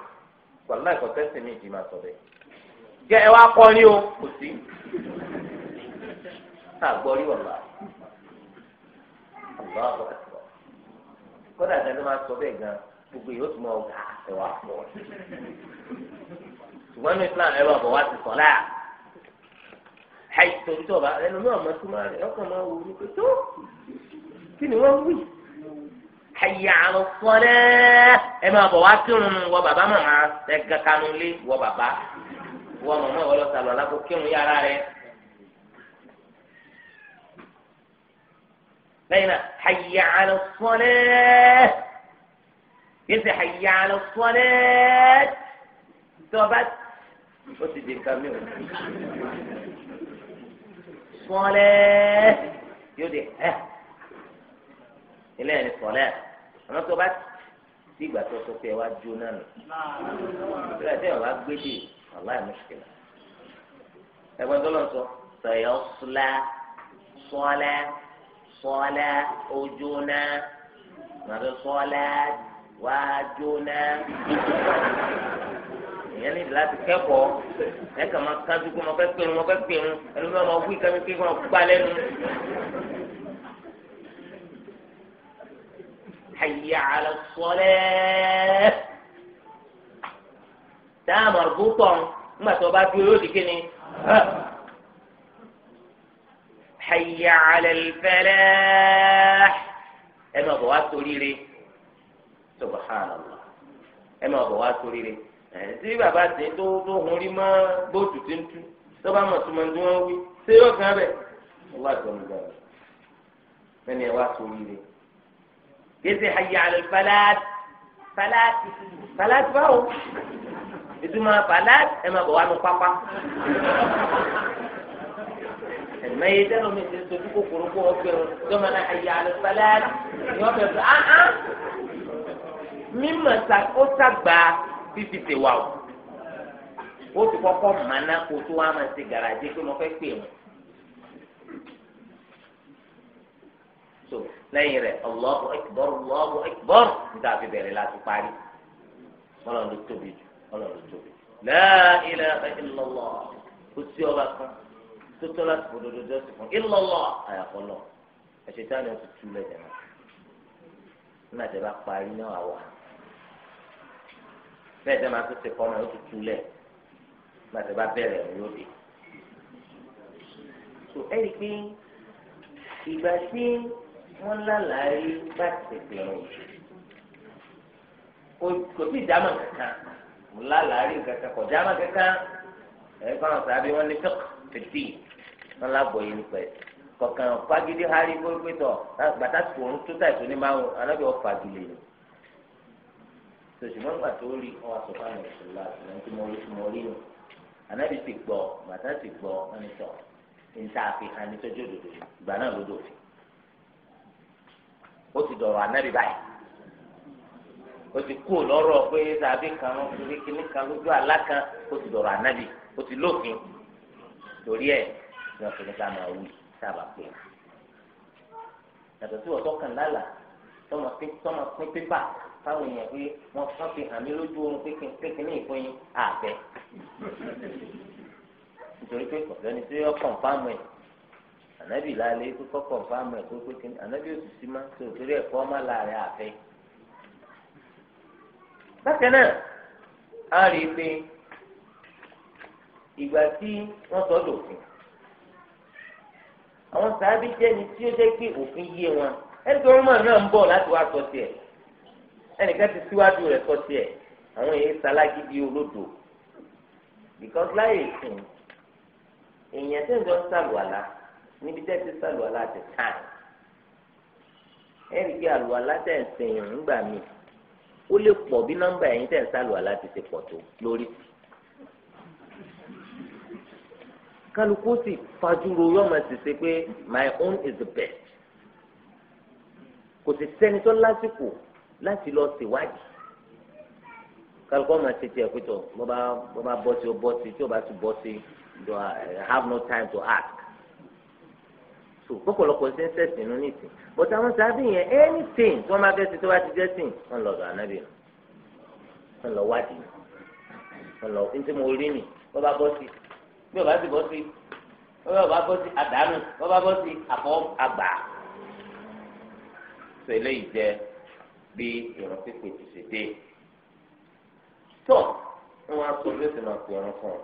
wàlúwà ìkọ̀tẹ́ sì mí ìdìmọ̀ àtọ̀bẹ̀. kí ẹ wá kọ́ ní o kò sí. àgbọ̀ rí wàlúwà. àlọ́ àbọ̀ àtọ̀. kódà ìjà ló máa sọ bẹ́ẹ̀ gan gbogbo yóò tún mọ ọgá ẹ wà pọ̀. ṣùgbọ́n ní Islam ẹ bá bọ̀ wá ti sọ̀ láà. àìsàn tó bá ẹnu náà mọ̀ tó máa rẹ̀ ọkàn máa wù ú ní pé kí ni wọ́n wí hayya ala salah ẹ máa bọ̀ wá kírun wọ bàbá màmá ẹ kankanú lé wọ bàbá wọ màmá ìwọ lọ sàlọ̀ lágbo kírun yàrá rẹ. lẹ́yìn náà hayya ala salah yìí ṣe hayya ala ti di nǹkan mi ò yóò di ẹ́ ilé ẹni sọ́lẹ̀ àmọ́ tó bá ti ìgbà tó sọ pé ẹ wá jó náà nù ìgbà tí ẹ wá gbé dè wàhálà ìmúṣkìlà ẹgbẹ́ tó lọ sọ sọ̀yọ́ sọ́lá sọ́lá sọ́lá ojú náà màdó sọ́lá wájú náà èèyàn nídìí láti kẹ́kọ̀ọ́ ẹ kàn máa kájú pé mo fẹ́ pinnu mo fẹ́ pinnu ẹni mo máa wí kẹ́mi pé mo gbá lẹ́nu. حي على الصلاة tá مربوطة ما tó bá dúró حي على الفلاح ẹ máa bọ̀ wá sórí rẹ̀ subhanallah ẹ máa bọ̀ wá sórí rẹ̀ tí bàbá tẹ tó tó hun rí mọ́ bóòtù tí ń tú tó bá mọ̀ tó mọ̀ tí wọ́n wí ṣé yóò kàn bẹ̀ wọ́n wá sórí rẹ̀ ẹni ẹ wá sórí rẹ̀ kìí ṣe hayya ala falaati falaati falaati báwo ìtumọ̀ falaati ẹ̀ máa bọ̀ wá nu pápá ẹ̀mẹ́ yìí dẹ́nu mi ti sojú kòkòrò kó ọgbẹ́ o jọ́mọ náà hayya ala falaati ni wọ́n fẹ́ fún ahán mímọ̀ ó sàgbà fífi tèwà o ó ti kọ́kọ́ mọ̀nà kó tó wá máa ṣe gàràjì pé mo fẹ́ pè wọ́n lẹ́yìn rẹ̀ Allahu Akbar Allahu Akbar níta fi bẹ̀rẹ̀ láti parí ọlọ́run ló tóbi jù ọlọ́run ló tóbi jù la ilaha illallah kò sí ọba kan tó tọ́ láti fò dodo jọ́sìn fún illallah àyàfọ́ lọ ẹ̀ṣẹ̀ táwọn yóò ti tú lẹ́jẹ̀ náà nígbà tí a bá parí náà wà bẹ́ẹ̀ tí a máa tó ṣe kọ́ náà yóò ti tú lẹ̀ nígbà tí a bá bẹ̀rẹ̀ yóò dé so ẹ̀rí pé ìgbà tí wọ́n lálàáyé bá tètè rùn kò sí ìdámọ̀ kankan mo lálàáyé kankan kò dámọ̀ kankan ẹ̀ fáwọn sábà wọn ní tọ́k fìdí wọn lábọ̀ yìí nípa ẹ̀ kọ̀kan fagidi hari gbogbo tọ̀ gbàtà tòun tó tà ìtòní máa ń alábẹ́ wọn fagilé ni sòṣùmọ́ gbà tó rí ọ́ àsọ̀kọ́ àmì ìṣòlá àtìlẹ́yìn tí mo rí tí mo rí nù ànábì ti gbọ́ bàtà ti gbọ́ wọn ni tọ̀ níta àfihàn ní tọ́jú òdòdó ìgbà náà ló dòfin ó ti dọ̀rọ̀ ànábì báyìí ó ti kú lọ́rọ̀ pé tàbí kan lórí kíní kan lójú àlá kan ó ti dọ̀rọ̀ ànábì ó ti lófin torí ẹ̀ ní wọ́n fi ní ká máa wí sábà pé yàtọ̀ sí ọ̀tọ́ kan lálàá tọmọ pín pépà fáwọn èèyàn pé wọ́n fọ́n fi hàn mí lójú oorun pé kíní ní ìfún yín àbẹ́ nítorí pé kọ̀ọ̀lọ́ni tí ó kàn fáwọn ẹ̀ ànábì lálẹ́ pé kọ́kọ́ fáàmù ẹ̀ pé kí ànábì ò sì sí má tó torí ẹ̀kọ́ ọmọ láàrin àfẹ́. bákan náà a rí i pé ìgbà tí wọ́n sọ dòfin àwọn sàábì jẹ́ni tí ó jẹ́ pé òfin yé wọn ẹni tó rúmọ̀ náà ń bọ̀ láti wá sọ tiẹ̀ ẹnìkan ti síwájú rẹ̀ sọ tiẹ̀ àwọn èyí salágídí olódò because láyé sùn èèyàn tẹ̀ ń jọ ń sàlùwàlà níbi tẹ́ ti sàlù aláàtẹ tán ẹ̀rí pé àlù aláàtẹ ń sèyàn ńgbà mí ó lè pọ̀ bí nọ́mbà ẹ̀yìn tẹ̀ ń sàlù aláàtẹ ti pọ̀ tó lórí. kálukú sì fajúro yọmọ sì ṣe pé my own is the best kò sì sẹ́ni tó lásìkò láti lọ ṣèwádìí kálukú ọmọ ti tiẹ̀ pé tó bọ́ bá bọ́ sí ó bọ́ sí tí ó bá ti bọ́ sí I have no time to ask so bọ́pọ̀lọpọ̀ ṣe ń sẹ̀sìn nínú nìsín but àwọn sábì yẹn anything tí wọ́n máa fẹ́ ṣe tó bá ti jẹ́ sìn wọ́n lọ lọ ànábì nù wọ́n lọ wádìí nù wọ́n lọ ní tí mo rí nì wọ́n bá bọ́ sí bí wọ́n bá sì bọ́ sí wọ́n bá bọ́ sí àdánù wọ́n bá bọ́ sí àbọ̀ àgbà so eléyìí jẹ́ bí ìrun pípé ti ṣe dé tó wọ́n á sọ bí ó ti máa pè ọrùn fún ọ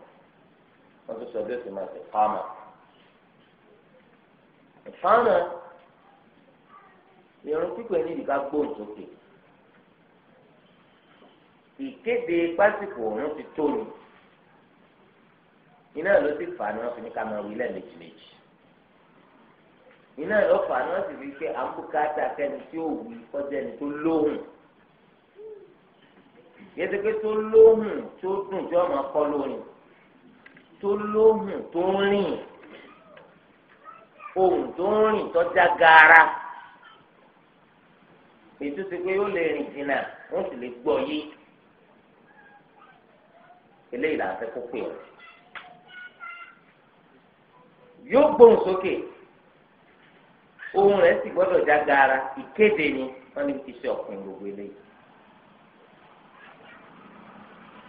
wọ́n tún sọ bí ó ti máa ti pa á mọ́. Fana, irun pípẹ́ ní ìdíkà gbóhùn sókè ìkéde pásìkò òun ti tó ni iná ló ti fà ni wọ́n fi ní ká máa wí lẹ́ẹ̀mejì méjì iná ló fà ni wọ́n sì fi pé àbúkátà kẹ́ni tí ó wí kọjá ẹni tó lóhùn yẹtí pé tó lóhùn tó dùn tí wọ́n máa kọ́ lórin tó lóhùn tó rìn ohun tó ń rìn tọ́já gaara ètò ti pé yóò lè rìn jìnnà wọ́n sì lè gbọ́ yé eléyìí là ń fẹ́ kó pè ọ́ yóò gbóhùn sókè ohun rẹ̀ sì gbọ́dọ̀ já gaara ìkéde ni wọ́n ní iṣẹ́ ọ̀pìn gbogbo eléyìí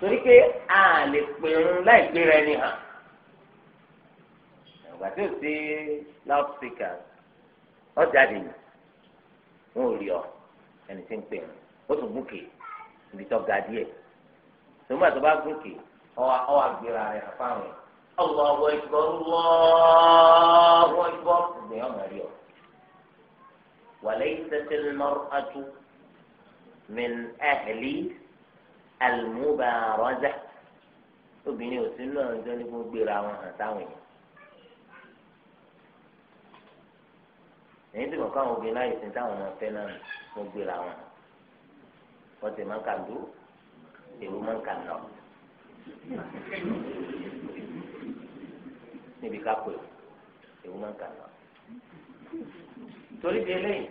torí pé a lè pè ń láì gbéra ẹni hàn àgbà tí ò sí loudspeaker ọjà dì ní wọn ò rí ọ ẹni tí ń pè ó tún gòkè ibi tó ga díẹ̀ tòmá tó bá gòkè ọwọ́ àgbèrè rẹ̀ fáwọn ọlọ́wọ́ ìgbọ́ ọlọ́wọ́ ìgbọ́ ìgbìyànjú ọmọ rí ọ. وليست المرأة من أهل المبارزة obìnrin ò sí náà ń jẹ́ ní gbogbo gbèrè àwọn àtàwọn èèyàn èyí tí mo káwọn obìnrin láyè sí táwọn ọmọ fẹ́ náà mo gbéra wọn wọ́n ti máa ń kà dú èrò máa ń kà nà níbi ká pè èrò máa ń kà nà torí di eléyìí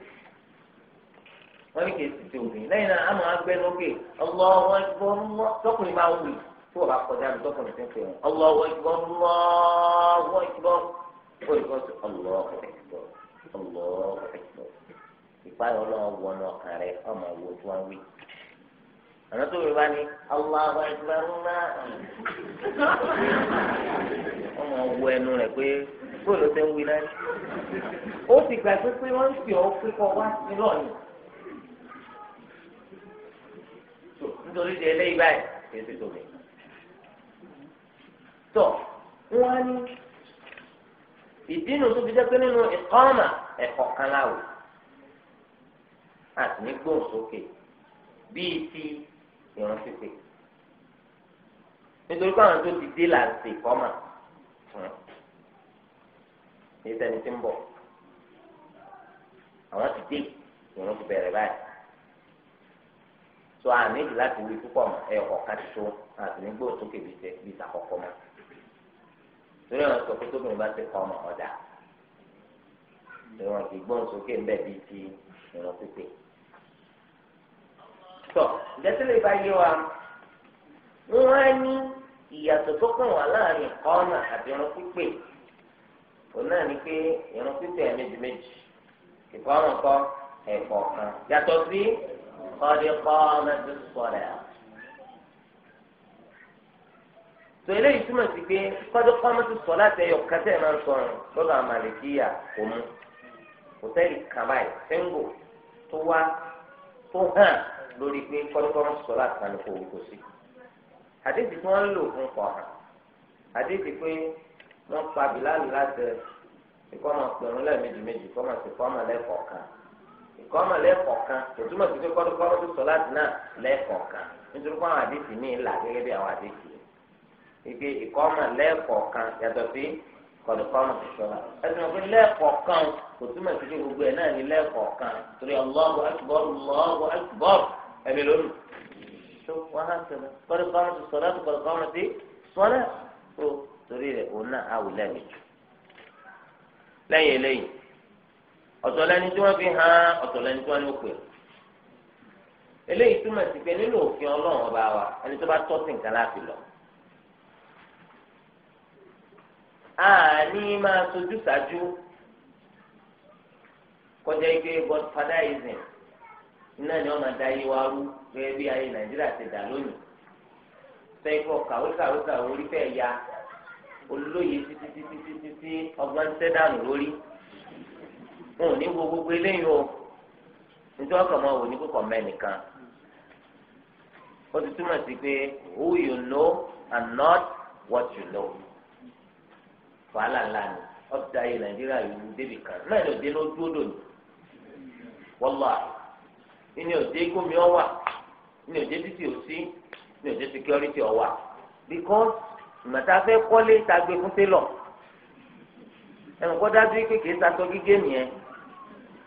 wọ́n ní kì í ti obìnrin lẹ́yìn náà àmọ́ agbẹ́lógè ọlọ́wọ́ ìgbọ́nmọ́ tọkùnrin máa ń wì tí bá kọjá lọ tọkùnrin tó ń pè wọ́n ọlọ́wọ́ ìgbọ́nmọ́ ọlọ́wọ́ ìgbọ́n ó lè kọ́ sí ọlọ́wọ́ ìgbọ́n. ìpáyọ̀ ọlọ́run wọnú ọkàn rẹ ọmọ wo tí wọ́n wí. àmọ́ tó yorùbá ni aláwọ̀ ẹgbẹ́ ńlá ọmọ wo ẹnu rẹ pé bóòlù tẹ́ ń wí náà. ó ti gbà pé pé wọ́n ń pè ọ́ pé wá sí lọ́ọ̀nì. nítorí di eléyìí báyìí kì í tòmí. tó wọ́n á ní ìdí tó fi jẹ́ pé nínú ìkọ́ọ̀mà àti ní gbòǹsókè bíi ti ìrántí pè nítorí pé àwọn tó ti dé là ń ṣe kọ́mà fún ní sẹ́ni tí ń bọ̀ àwọn ti dé ìrún ti bẹ̀rẹ̀ báyìí tó àmì ìdí láti wí púpọ̀ mọ́ ẹ̀ ọ̀kan tó àti ní gbòǹsókè bíi ìsàkọ́kọ́ mọ́ torí àwọn sọ pé tóbìnrin bá ti kọ́ ọmọ ọ̀dà ìwọ̀n kì í gbọ́n sókè ń bẹ̀ bíi ti ìrántí tọ ìdẹ́sílẹ̀ bá yé wa wọ́n á ní ìyàtọ̀ tó kàn wá láàrin ọ̀nà àti irun pípé òun náà ni pé irun pípé ẹ̀ méjì méjì ìfọ̀ àwọn kọ́ ẹ̀kọ́ kan yàtọ̀ sí kọ́ni kọ́ ọ̀nà tó sọ̀rọ̀ ẹ̀. tò eléyìí túmọ̀ sí pé kọ́ni kọ́ ọ̀nà tó sọ̀rọ̀ láti ẹ̀yọ̀ kẹsẹ̀ máa ń sọ̀rọ̀ lọ́dọ̀ àmàlẹ́kíyà òmu hòtẹ́ẹ̀lì kàbáyé sẹ́ńgò tó wá tó hàn lórí pé kọ́lọ́kọ́rọ́ sọ láti kan ní kò sí. àdéhùn tí wọ́n ń lò fún kọ̀ hàn àdéhùn pé wọ́n pa bìláàlì láti ikọ́ máa pẹ̀rún lẹ́ẹ̀mejì méjì kọ́ máa kọ́ máa lẹ́kọ̀ọ́ kan ikọ́ máa lẹ́kọ̀ọ́ kan kò túmọ̀ sí pé kọ́lọ́kọ́rọ́ tó sọ láti náà lẹ́kọ̀ọ́ kan nítorí pé àwọn àdéhùn ní ìlà gẹ́gẹ́ bí àwọn gbogbo ẹ̀ náà ní lẹ́ẹ̀kọ̀ọ̀kan torí ẹ̀mí lónìí tó wọn á sọ̀rọ̀ kọ́ni kọ́ni ti sọ̀rọ̀ àti kọ́ni kọ́ni ti sọ̀rọ̀ tó torí rẹ̀ òun náà àwò lẹ́mìí jù lẹ́yìn eléyìí ọ̀tọ̀ lẹni tí wọ́n fi hàn ọ̀tọ̀ lẹni tí wọ́n ní òpè eléyìí túmọ̀ sí pé nínú òfin ọlọ́run ọba wa ẹni tó bá tọ́ sí nǹkan láti lọ. àní máa sojú ṣáájú kọjá ike godfatherism iná ni wọ́n máa da yé wa rú gẹ́gẹ́ bí ayé nàìjíríà ti dà lónìí sẹ́kọ̀ kàwé kàwé kàwé orí fẹ́ ya olóye títí títí títí tí ọgbọ́n ń tẹ́ dànù lórí wọn ò ní wo gbogbo eléyìí o nítorí ọkàn máa wò ní kókò mẹ́nìkan ó ti túmọ̀ sí pé who you know and not what you know wàhálà ńlá ni ọ̀dà ayé nàìjíríà yìí débi kan náà ló dé ló dúró lónìí wọ́lọ́ àyè. ní òjé gómi ọwà ní òjé títì òsí ní òjé security ọwà because ìmọ̀ta fẹ́ kọ́lé tagbe fún télọ̀ ẹnu dájú pé sasọ gígé nìyẹn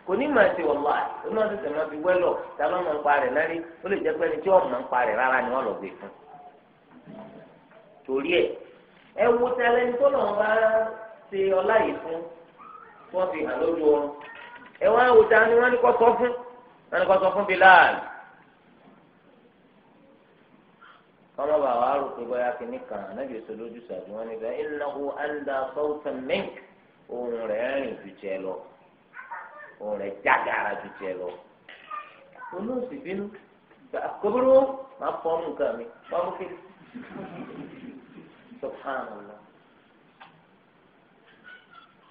kò ní màá ti wọ̀lá ó náà tẹ̀sẹ̀ máa fi wẹ́lọ̀ ta ló máa ń lárí ó lè pé ẹni tí ni wọ́n lọ gbé fún torí ẹ̀ ẹ wo tẹlẹni tó lọ́n bá ṣe fún tí wọn kọ́ sọ fún Bilal kọ́mọ́ bá wa rò pé bóyá kìíní kan anábì èso lójú sàdùn wọn níbẹ̀ ìnáwó àndà sọ́wọ́tà mink ohun rẹ̀ rìn ju tiẹ̀ lọ ohun rẹ̀ jágara ju tiẹ̀ lọ olóòsì bínú kóbóró máa fọ́ nǹkan mi wọ́n mú kéde subhanallah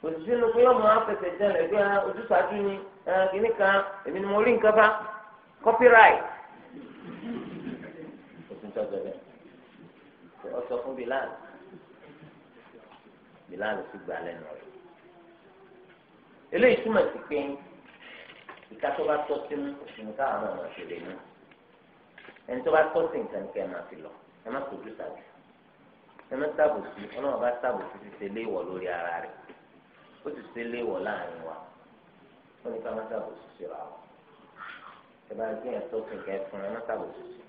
òṣìṣẹ́ ló pé ọmọ afẹsẹ̀ jẹ́ rẹ̀ bí ah, ojúṣàájú ni kìnnì kan èmi ni mo rí nǹkan bá copyright òsín tó bẹ̀rẹ̀ ọ sọ fún Bilal Bilal sì gbà lẹ́nu rẹ̀ eléyìí túmọ̀ sí pé ìka tó bá tọ́ sí mú òsín ká àwọn ọmọ ìṣẹ̀lẹ̀ mú ẹni tó bá tọ́ sí nǹkan kẹ́ máa fi lọ ẹ má tójú sàbẹ̀ ẹ má sábòsí ọlọ́run bá sábòsí ti ṣe léèwọ̀ lórí ara rẹ̀ ó ti ṣe léèwọ̀ láàrin wa wọ́n ní ká má sábò sísè ra wọn ẹ bá gbé yẹn tó kẹ̀kẹ́ fún ẹ má sábò sísè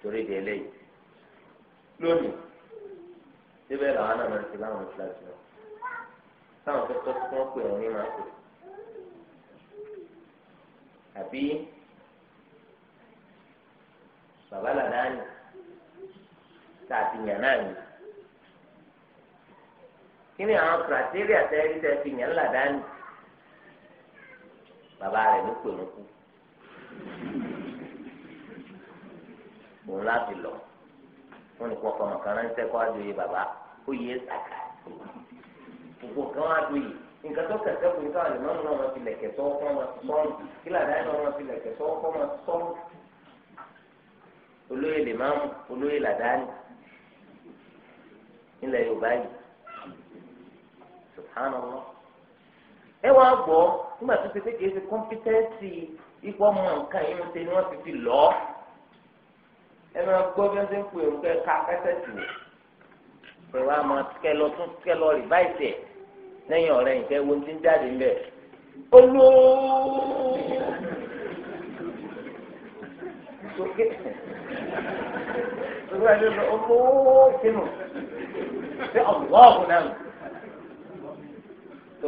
torí di eléyìí lónìí síbẹ̀ làwọn náà máa ń ti láwọn ìfúláṣí wọn táwọn tó tọ́ tí wọ́n pè wọ́n ní máa pè àbí bàbá làdá ni tá a ti yàn náà ni kí ni àwọn kìràtẹ́rì àtẹ́rí tẹ́ fi yàn làdá ni bàbá rẹ̀ ló pè wọn kú òun láti lọ wọn ní kọkọ mọ̀kàn ránṣẹ́ kọ́ àjòyè bàbá ó yẹ sàkà gbogbo kan àjòyè nǹkan tó kẹsẹ́ kù nípa àlùmọ́ náà wọn ti lẹ̀kẹ̀ sọ́wọ́ kọ́ wọn sọ́ọ̀nù kílà dáná náà wọn ti lẹ̀kẹ̀ sọ́wọ́ kọ́ wọn sọ́ọ̀nù olóyè lè máa mú olóyè làdáni nílẹ̀ Yorùbá yìí subhanallah ẹ wá gbọ́ nígbà tó ti pé kìí ṣe kọ́mpítẹ́ǹsì ipò ọmọ nǹkan yìí ń ṣe ni wọ́n ti fi lọ́ ẹ máa gbọ́ bí wọ́n ṣe ń pè ń kẹ́ ká kẹ́sẹ̀ tù ẹ wá máa kẹ́ lọ tún kẹ́ lọ rí báyìí lẹ́yìn ọ̀rẹ́ yìí kẹ́ wo ti ń jáde ń bẹ̀ olóòótọ́ olóòótọ́ sínú ṣé ọ̀gbọ́n ọ̀hún náà.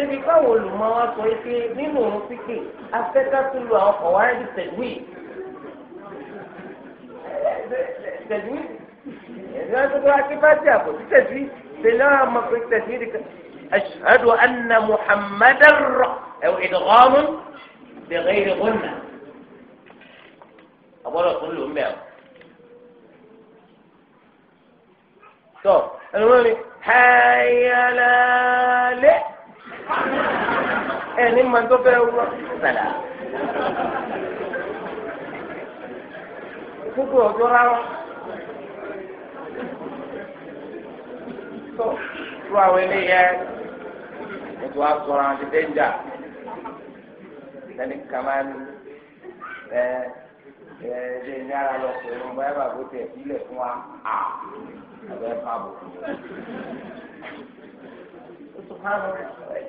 débi báwo olùmọ̀ wa sọ pé nínú òun tẹ̀wí pípé afẹ́kàtúlù àwọn tún bí tẹ̀wé tẹ̀wé ìrìnà tó wá sí bá ti àpò sí tẹ̀wé tẹ̀lé àwọn ọmọ pé tẹ̀wé di kan ashhadu anna muhammadan rọ ẹ̀wọ̀ ìdọ̀gọ́mù bẹ̀rẹ̀ ìrìnà ọgbọ́dọ̀ tó lò ń bẹ̀ tó tọ́ wọn mi hayalálẹ́. ẹ ní ma tó fẹ́ wọ́ sàlà. gbogbo ọjọ́ rárá tó tó àwọn eléyẹ ètò àsọ̀rọ̀ àti dẹ́njà sani kamani ẹ ẹ ẹ ní ara lọ pẹ̀lú báyìí bàbá tẹ̀ sílẹ̀ fún wa àbẹ̀ fà sùpàmù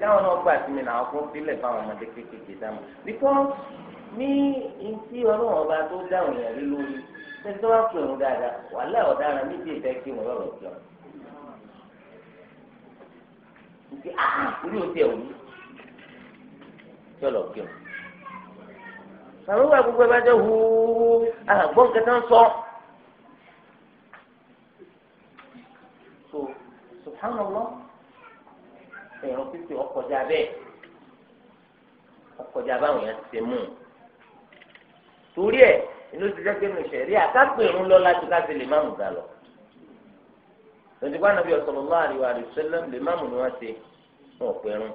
táwọn náà gbà sí mi làwọn fún sílẹ̀ fáwọn ọmọdé kékeré dáhùn because ní ìtí ọlọ́run ọba tó dáhùn yẹn rí lórí ṣé tó bá pè wọn dáadáa wàhálà ọ̀daràn méjì ìfẹ́ kí wọn lọ́rọ̀ jọ. ìdí àkúrí òtí ẹ̀ wí tí ọlọ́ kí wọn. àwọn ìwà gbogbo ẹ bá jẹ́ hùwù àgbọ̀n kẹta ń sọ. So, subhanallah ẹ̀rọ fífi ọkọjá bẹ́ẹ̀ ọkọjá báwọn yẹn ti mú un torí ẹ̀ inú ti jẹ́ pé mi ṣẹ̀rí àkápẹ̀rún lọ láti láti lè máàmù gà lọ lọ́dún bá nàbí sallallahu alaihi wa sallam lè máàmù ni wọ́n ṣe fún ọ̀pẹ̀rún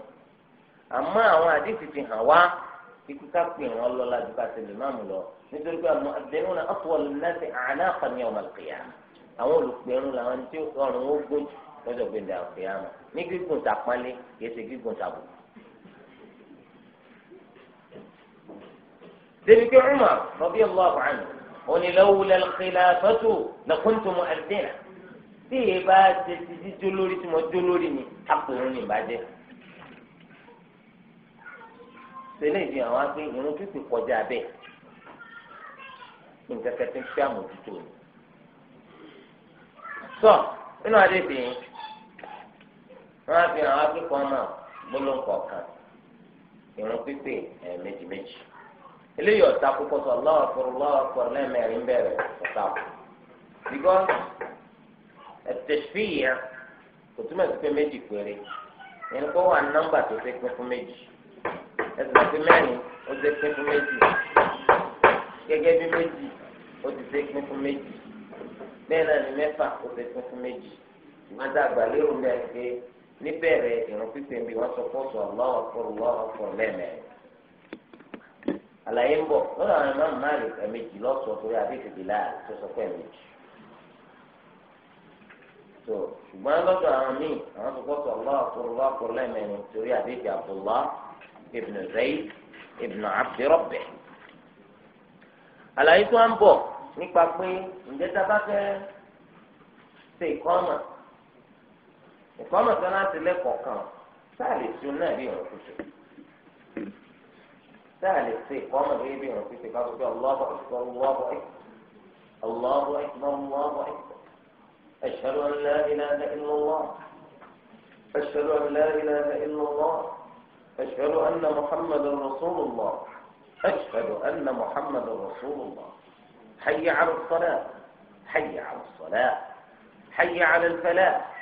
àmọ́ àwọn àdìsí ti hàn wá kíkú kápẹ̀rún ọlọ́lá ju káṣí lè máàmù lọ nítorí pé àwọn àdéhùn náà ọ̀pọ̀ lọ́nà ti àná àkànní ọmọ àwọn olùpẹ̀rún làwọn tí ọ̀rùn ó gbójú lọ́jọ́ gbẹ̀ndà àkùyàmọ̀ ní gígùn tàpọ́nlé kìí ṣe gígùn tàbù. débi pé Umar radiyallahu anhu òní lawla al-khilafatu lakuntu mu'adhdhina tí èyí bá ṣe ti di jólórí tí mo jólórí ni àpòrún ni ìbàjẹ́. sẹ́lẹ̀ ìfihàn wá pé irun pípé kọjá bẹ́ẹ̀ nǹkan kẹtẹ́ ń fi àmójútó sọ inú adé bìín. wọn á fi àwọn akẹ́kọ̀ọ́ náà gbólóńkọ̀ kan ìrún pípé ẹ̀ méjì eléyìí ọ̀tá púpọ̀ sọ lọ́wọ́ fún lọ́wọ́ fún lẹ́mẹ̀rin bẹ̀rẹ̀ ọ̀tá kù bíkọ́ ẹ̀tẹ̀síyà kò túmọ̀ sí pé méjì péré ẹni kó wà nọ́mbà tó ṣe pín fún méjì ẹsẹ̀ pé mẹ́rin ó ṣe pín fún méjì gẹ́gẹ́ bí méjì ó ti ṣe pín fún méjì bẹ́ẹ̀ náà ni mẹ́fà ó ṣe pín fún méjì níbẹ̀rẹ̀ ìrun pípé mi wọ́n sọ fọ́sọ̀ Allahu Akbar Allahu Akbar lẹ́mẹ̀ẹ́. àlàyé ń bọ̀ lọ́dọ̀ àwọn Imam Malik ẹ̀mejì lọ́sọ̀ torí àdéhùn ìlà tó sọ pé ẹ̀mejì. tó ṣùgbọ́n lọ́dọ̀ àwọn míì àwọn sọ torí àlàyé tó ń bọ̀ nípa pé ǹjẹ́ tá a bá fẹ́ ṣe ìkọ́mọ̀ tó náà ti lẹ́kọ̀ọ́ kan sáà lè ṣe náà bí ìrùn kùsù sáà lè ṣe ìkọ́mọ̀ bí ìrùn kùsù ká sọ́kẹ́ Allahu akbar Allahu akbar Allahu akbar Allahu akbar ashhadu an la ilaha illa Allah ashhadu an la ilaha illa Allah ashhadu anna Muhammadan rasulullah ashhadu anna Muhammadan rasulullah hayya 'ala as-salah hayya 'ala as-salah hayya 'ala al-falah.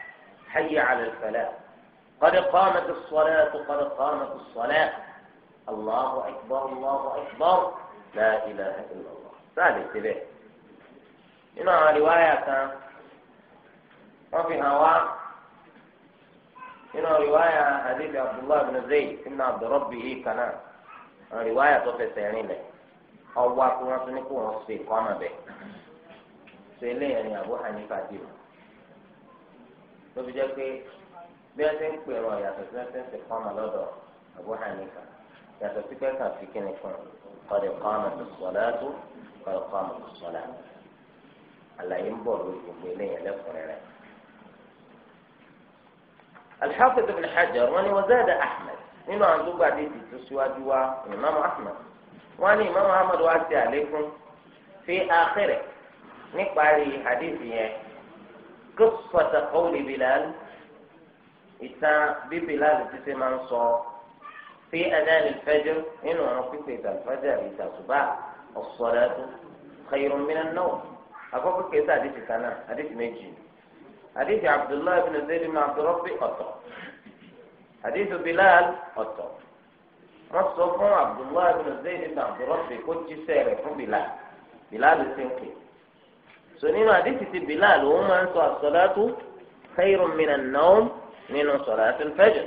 حي على الفلاح قد قامت الصلاة قد قامت الصلاة الله أكبر الله أكبر لا إله إلا الله ثالث به هنا رواية وفي هواء هنا رواية حديث عبد الله بن زيد إن عبد ربه كان رواية طفل سيانين أو واقع نصني كون وصفي قام به سيلي يعني أبو حنيفة ديوه lóbi jẹ́ pé bí wọ́n ti ń pè yàtọ̀ sí wọ́n ti ń sè lọ́dọ̀ Abu yàtọ̀ sí pé fi kíni fún ọ̀dẹ̀ kọ́mà tó sọ̀lá tó ọ̀dẹ̀ kọ́mà tó sọ̀lá àlàyé ń bọ̀ lórí gbogbo eléyìí lẹ́kùnrin rẹ̀. Ahmed ابن حجر وأن وزاد أحمد من أن تبع imam تسوى جوا الإمام أحمد وأن قصة قول بلال إتى ببلال تسمى صار في أذان الفجر إنه في الفجر إتى صباح الصلاة خير من النوم أقول كيف حديث كنا حديث نجي حديث عبد الله بن زيد بن عبد ربي قطع حديث بلال قطع وصفه عبد الله بن زيد بن عبد ربي كنت سير بلال بلال سنكي sọ nínú àdìsí ti Bilal òun máa ń sọ as-salatu khayrun minan nawm nínú salatul fajr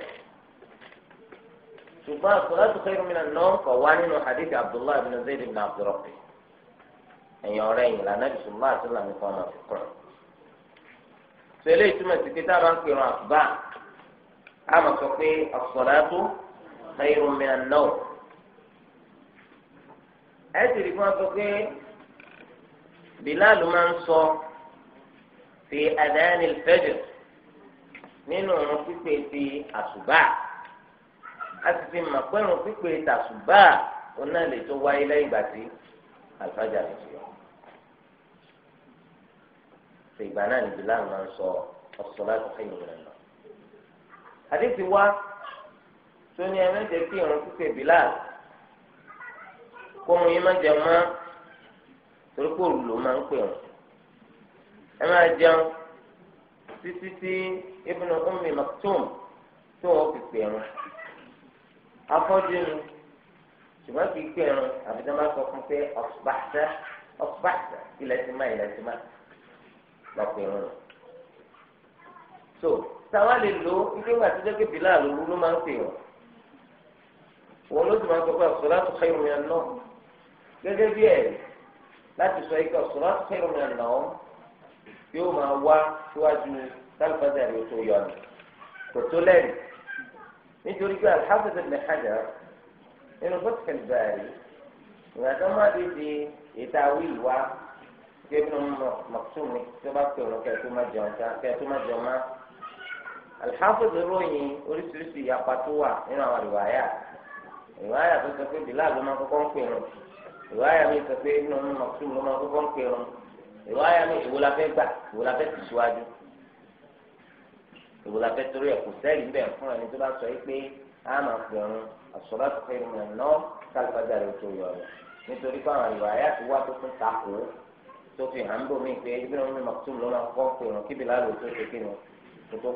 ṣùgbọ́n as-salatu khayrun minan nawm kọ̀ wá nínú àdìsí Abdullahi ibn Zayd ibn Abdurrahman ẹ̀yìn ọ̀rẹ́ yìí lànà bisimilá àti lànà ìfọ̀n náà fi kọ̀. sẹ́lẹ̀ ìtumọ̀ sí pé táwọn ń pèrò àfùbá a mọ̀ sọ pé as-salatu khayrun minan nawm. ẹ̀ sì rí fún wa sọ pé. Bilal máa ń sọ fi adánil fajr nínú òun pípé ti àṣùbà a sì fi mọ̀ pé òun pípé ti àṣùbà òun náà lè tó wáyé lẹ́yìn ìgbà tí àlùfáàjà lè ti yọ. ìgbà náà ni Bilal máa ń sọ ọ̀sọ̀ láti fẹ́ ìwé rẹ̀ lọ. àdéhùn wa tó ní ẹ mẹ́jẹ kí òun pípé Bilal kó òun yín mẹ́jẹ mọ́ torí pé òru ló máa ń pè wọn ẹ máa jẹun títí tí Ibn Ummi Maktum tó wọn fi pè wọn afọ́jú ni ṣùgbọ́n kì í pè wọn àfi tí wọ́n bá sọ fún pé ọ̀pàṣẹ ọ̀pàṣẹ ilẹ̀ ti má ilẹ̀ ti má lọ pè wọn so táwa lè lo ilé ìgbà tó jẹ́ pé bílà lóru ló máa ń pè wọn wọn ló sì máa ń sọ pé as-salatu khayrun minan nawm gẹ́gẹ́ bí ẹ̀rí láti sọ ike ọ̀sùnrán kẹrù náà nà ọ́ yóò máa wá síwájú sálùfáàdà yóò tó yọ ni kò tó lẹ́nu nítorí pé alḥafiz ibn hajar nínú fathul bari ìgbà tó má dé di ìta wíì wá gẹ́gẹ́ bí maksum ni tó bá pè ọ́nà kẹ́ẹ̀tó má jẹun ká kẹ́ẹ̀tó má jẹun má alḥafiz ròyìn oríṣiríṣi ìyapa tó wà nínú àwọn ìwáyà ìwáyà tó sọ pé bìlá ló máa kọ́kọ́ ń pè ọ́nà ìwáyà mi sọ pé inú ọmọ mọ̀tún ló máa kọ́kọ́ ń pè ọ́n ìwáyà mi ìwò la fẹ́ gbà ìwò la fẹ́ tì síwájú ìwò la fẹ́ torí ẹ̀ kò sẹ́ẹ̀lì ń bẹ̀ fún ẹni tó bá sọ yìí pé a máa pè ọ́n àsọ̀rọ̀ ti fẹ́ ìrìn àná kálífàjà rẹ̀ tó yọ ọ̀rọ̀ nítorí pé àwọn ìwáyà ti wá tó fún takò tó fi hàn bò mí pé inú ọmọ mọ̀tún ló máa kọ́kọ́ pè ọ́n kíbi láàrú tó ṣe kí ni tó tó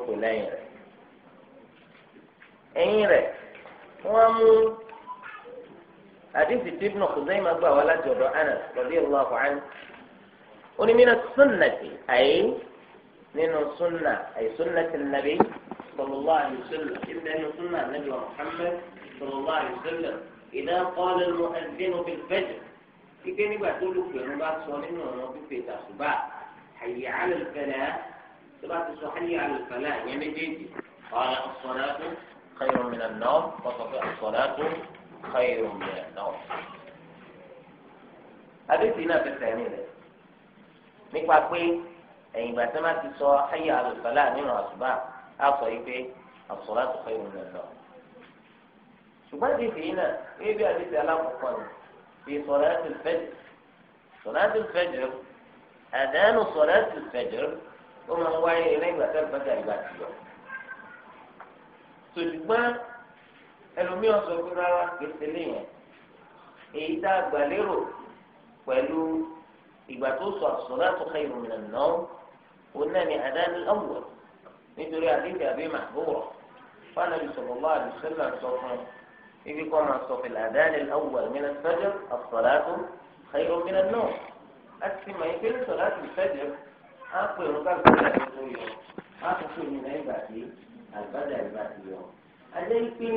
حديث ابن خزيمة ولا جر أنس رضي الله عنه وني من السنة أي من السنة أي سنة النبي صلى الله عليه وسلم إذا من سنة النبي محمد صلى الله عليه وسلم إذا قال المؤذن بالفجر يمكن يبقى تقول لك أنا بقى صونين وأنا بفيت الصباح حي على الفلاح تبقى حي على الفلاح يعني جيتي قال الصلاة خير من النوم وصفي الصلاة خير من النوم àdéhùn náà fẹsẹ̀ ní rẹ̀ nípa pé ẹ̀yìn ìgbà tí wọ́n ti sọ ayé àlùfàlà nínú àṣùbà á sọ yìí pé àṣùbà tó fẹ́ ìrìn lọ. ṣùgbọ́n àdéhùn yìí náà ebi bí àdéhùn alákọ̀ọ́kọ́ ni fi sọ̀rọ̀ ẹ̀ tún fẹ́jọ́ sọ̀rọ̀ ẹ̀ tún fẹ́jọ́ àdánù sọ̀rọ̀ ẹ̀ tún fẹ́jọ́ ó máa ń wáyé lẹ́yìn ìgbà tí wọ́n ti gbà tì lọ. ṣùgbọ́n ẹlòmíràn sọ fún rárá gbèsè léyìn èyí tá a gbà lérò pẹ̀lú ìgbà tó sọ àsọlá tó ká ìròyìn nàná òun náà ni àdáni ọ̀wọ̀ nítorí àdéhùn àbí màgbọ́wọ̀ fanabi sọ̀rọ̀ wá àdùsọ́là sọ fún ibi kọ́ máa sọ fìlà àdáni ọ̀wọ̀ ìmìnà sọ́jọ́ àsọlá tó ká ìròyìn nàná a ti mọ̀ ẹ́ pé sọ̀rọ̀ àti á pè wọn ká gbọ́dọ̀ àti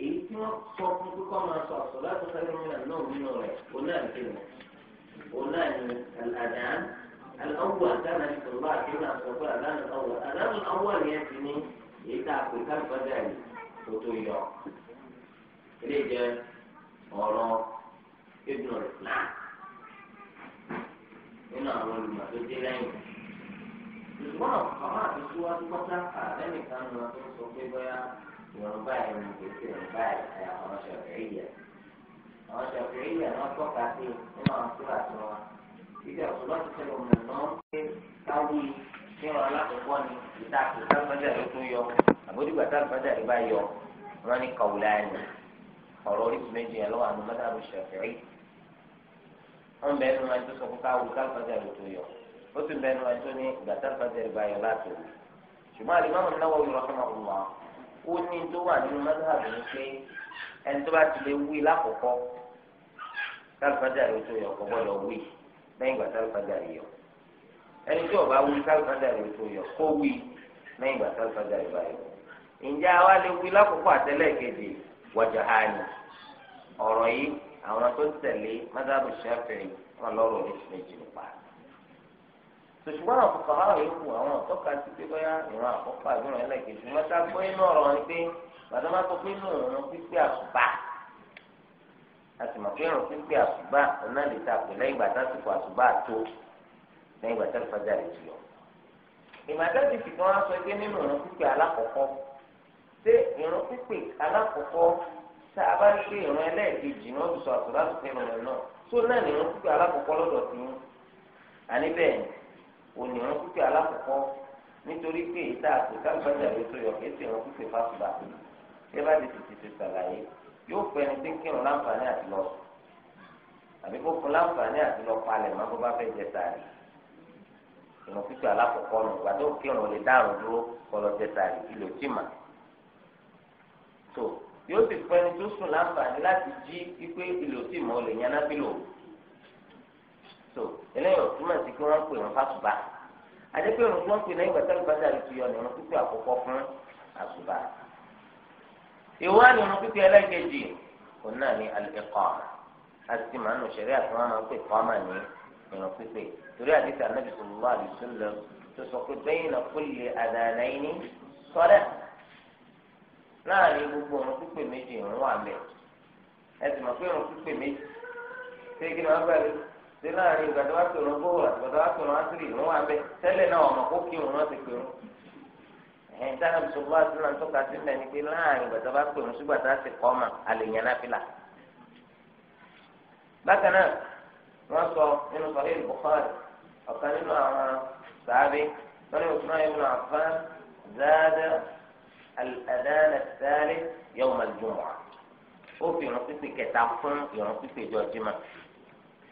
èyí tí wọ́n sọ fún kíkọ́ máa sọ àṣọ láti sáré mìíràn náà nínú rẹ̀ òun náà ti mọ̀ òun náà ni àdán aláwọ̀ àdáná ìṣòro àdéhùn àṣọgbọ́ àdánù àwọ̀ àdánù àwọ̀ yẹn ti ní èyí tá a pè káfíńtà yìí tó tó yọ. ilé jẹ ọ̀rọ̀ ibùdó islam nínú àwọn dị dé lẹ́yìn. ṣùgbọ́n àwọn àti ìwọ̀n báyìí ni kèsì ìwọ̀n báyìí ẹ̀ àwọn ṣọ̀fìrìyà àwọn ṣọ̀fìrìyà wọn tọ́ka sí nínú àwọn tó wà tó wọn títí ọ̀sùn lọ́sùn tó lọ mọ̀ náà pé káwí ní ọ̀rọ̀ alákọ̀ọ́kọ́ ni ìta àtúntà gbọ́dọ̀ ló tún yọ àbójúgbà tá àgbàdà rẹ bá yọ wọn ní kàwùláyìn ọ̀rọ̀ oríṣi méjì yẹn lọ́wọ́ àwọn mọ́tàbí ṣọ̀fìrì wọn bẹ́ẹ̀ nu ẹni tó sọ fún káwù káàgbàdà ló tún yọ ó sì bẹ́ẹ̀ nu ẹni tó ní ìgbà tá àgbàdà bá yọ láti ṣùgbọ́n àdìmọ́ ó ní tó wà nínú mọ́tàbí ni pé ẹni tó bá ti lè wí lákòókò kálífàjà rẹ̀ tó yọ kọ́ gbọ́dọ̀ wí lẹ́yìn ìgbà kálífàjà rẹ̀ yọ ẹni tí ó bá wí kálífàjà rẹ̀ tó yọ kó wí lẹ́yìn ìgbà kálífàjà rẹ̀ bá yọ. ǹjẹ́ àwa lè wí lákòókò àtẹ́lẹ̀ kejì wọ̀jà ha ni ọ̀rọ̀ yìí àwọn tó tẹ̀lé mọ́tàbí Ṣáfi'í wọn lọ́rọ̀ oríṣiríṣi nípa rẹ̀ sòṣùgbọ́n àwọn fòkàrà yòókù àwọn ọ̀tọ́ka sí pé bóyá ìran àkọ́kọ́ àbúrò ẹlẹ́kẹ̀ẹ́ ṣùgbọ́n tá a gbọ́ inú ọ̀rọ̀ ni pé bàtà máa sọ pé inú òun pípé àsùbá a sì mọ̀ pé irun pípé àsùbá ọ̀nà lè ta pè lẹ́yìn ìgbà tásìkò àsùbá tó lẹ́yìn ìgbà tásìkò àjà lè tuyọ̀. ìmọ̀tẹ́sì fi kan wá sọ pé nínú irun pípé alákọ̀ọ́kọ́ ṣé irun pípé alákọ̀ọ́kọ́ tá bá ń pè irun òní wọn kúkẹ alákọ̀ọ́kọ́ nítorí pé ìta àpòtá gbàjà yóò tó yọ kéésì wọn kúkẹ fásùbà ẹ bá ti tètè ti sàlàyé yóò fẹ́ ni pé kí wọn láǹfààní àti lọ àbí kó fún láǹfààní àti lọ palẹ̀ mọ́ bó bá fẹ́ jẹ sàárì ìwọn kúkẹ alákọ̀ọ́kọ́ nù gbàdó kí wọn lè dárùn dúró kọlọ jẹ sàárì ìlò tí mà tó yóò sì fẹ́ ni tó sùn láǹfààní láti jí pípé ìlò lè yànnà bí lòun so eléyìí ò túmọ̀ sí kí wọ́n pè wọ́n fásùbà àdékùn ìrùn tí wọ́n pè lẹ́yìn gbàtà ìbàdàn àti ìyọ̀ ní wọn pípé àkọ́kọ́ fún àsùbà ìwádìí wọn pípé ẹlẹ́gẹ̀dì òun náà ní al-iqama àti màá nù sẹ̀rí àti wọn máa ń pè kọ́mà ní ìrùn pípé torí àdìsí anábì sallallahu alaihi wasallam tó sọ pé bayna kulli adhanaini salat láàrin gbogbo ìrùn pípé méjì ìrùn wà mẹ́ ẹ sì mọ̀ pé ìrùn pípé méjì ṣé kí ni wọ́n gbàgbé ṣé láàrin ìgbà tó wá pè wọn gbówó àti ìgbà tó wá pè wọn àṣírí wà bẹ tẹ́lẹ̀ náà ọmọ kó kí wọn ti pè wọn. ẹ̀hìn táwọn mùsùlùmí àti ń tó ka sí ni pé láàrin ìgbà tó wá pè wọn sígbà tá a ti kọ́ ma àlè yẹn náà fìlà. bákan náà wọ́n sọ nínú sọ̀rọ̀ ìbùkọ́rì ọ̀kan nínú àwọn sàábé lórí òṣùwọ̀n ibùdó àfáà záádá الأذان الثالث يوم الجمعة وفي نصف كتاب يوم نصف جوجمة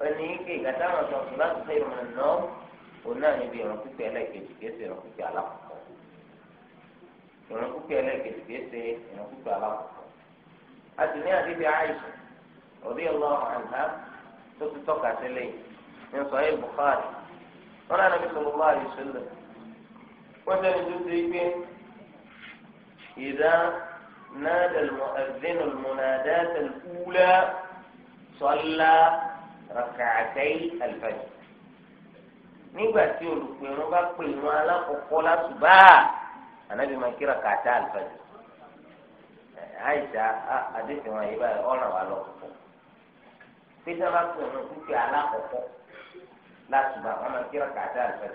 ẹni ike ìgbàdá àwọn sọ fún láti fẹ́ ìrùn ẹ̀nà òun náà níbi ìrùn pípẹ́ ẹlẹ́ẹ̀kejì kìí ṣe ìrùn pípẹ́ alákọ̀ọ́kọ́ ìrùn pípẹ́ ẹlẹ́ẹ̀kejì kìí ṣe ìrùn pípẹ́ alákọ̀ọ́kọ́ a sì ní àdébí àìsà òbí ọlọ́run àná tó ti tọ́ka sílẹ̀ ní sọ ẹ́ Bukhari wọn náà níbi sọ̀rọ̀ bá àyè sílẹ̀ wọ́n jẹ́ ní tuntun igbe ìdá náà المؤذن المناداة الأولى صلى raka'atay al-fajr nígbà tí olùpẹ̀rún bá pè wọn alákọ̀ọ́kọ́ lásùbà ànábì máa kí raka'atá al-fajr àìsà àdéhùn wọn yìí báyìí ọ̀ràn wà lọ pọ̀ pété bá pè wọn pípé alákọ̀ọ́kọ́ lásùbà wọn máa kí raka'atá al-fajr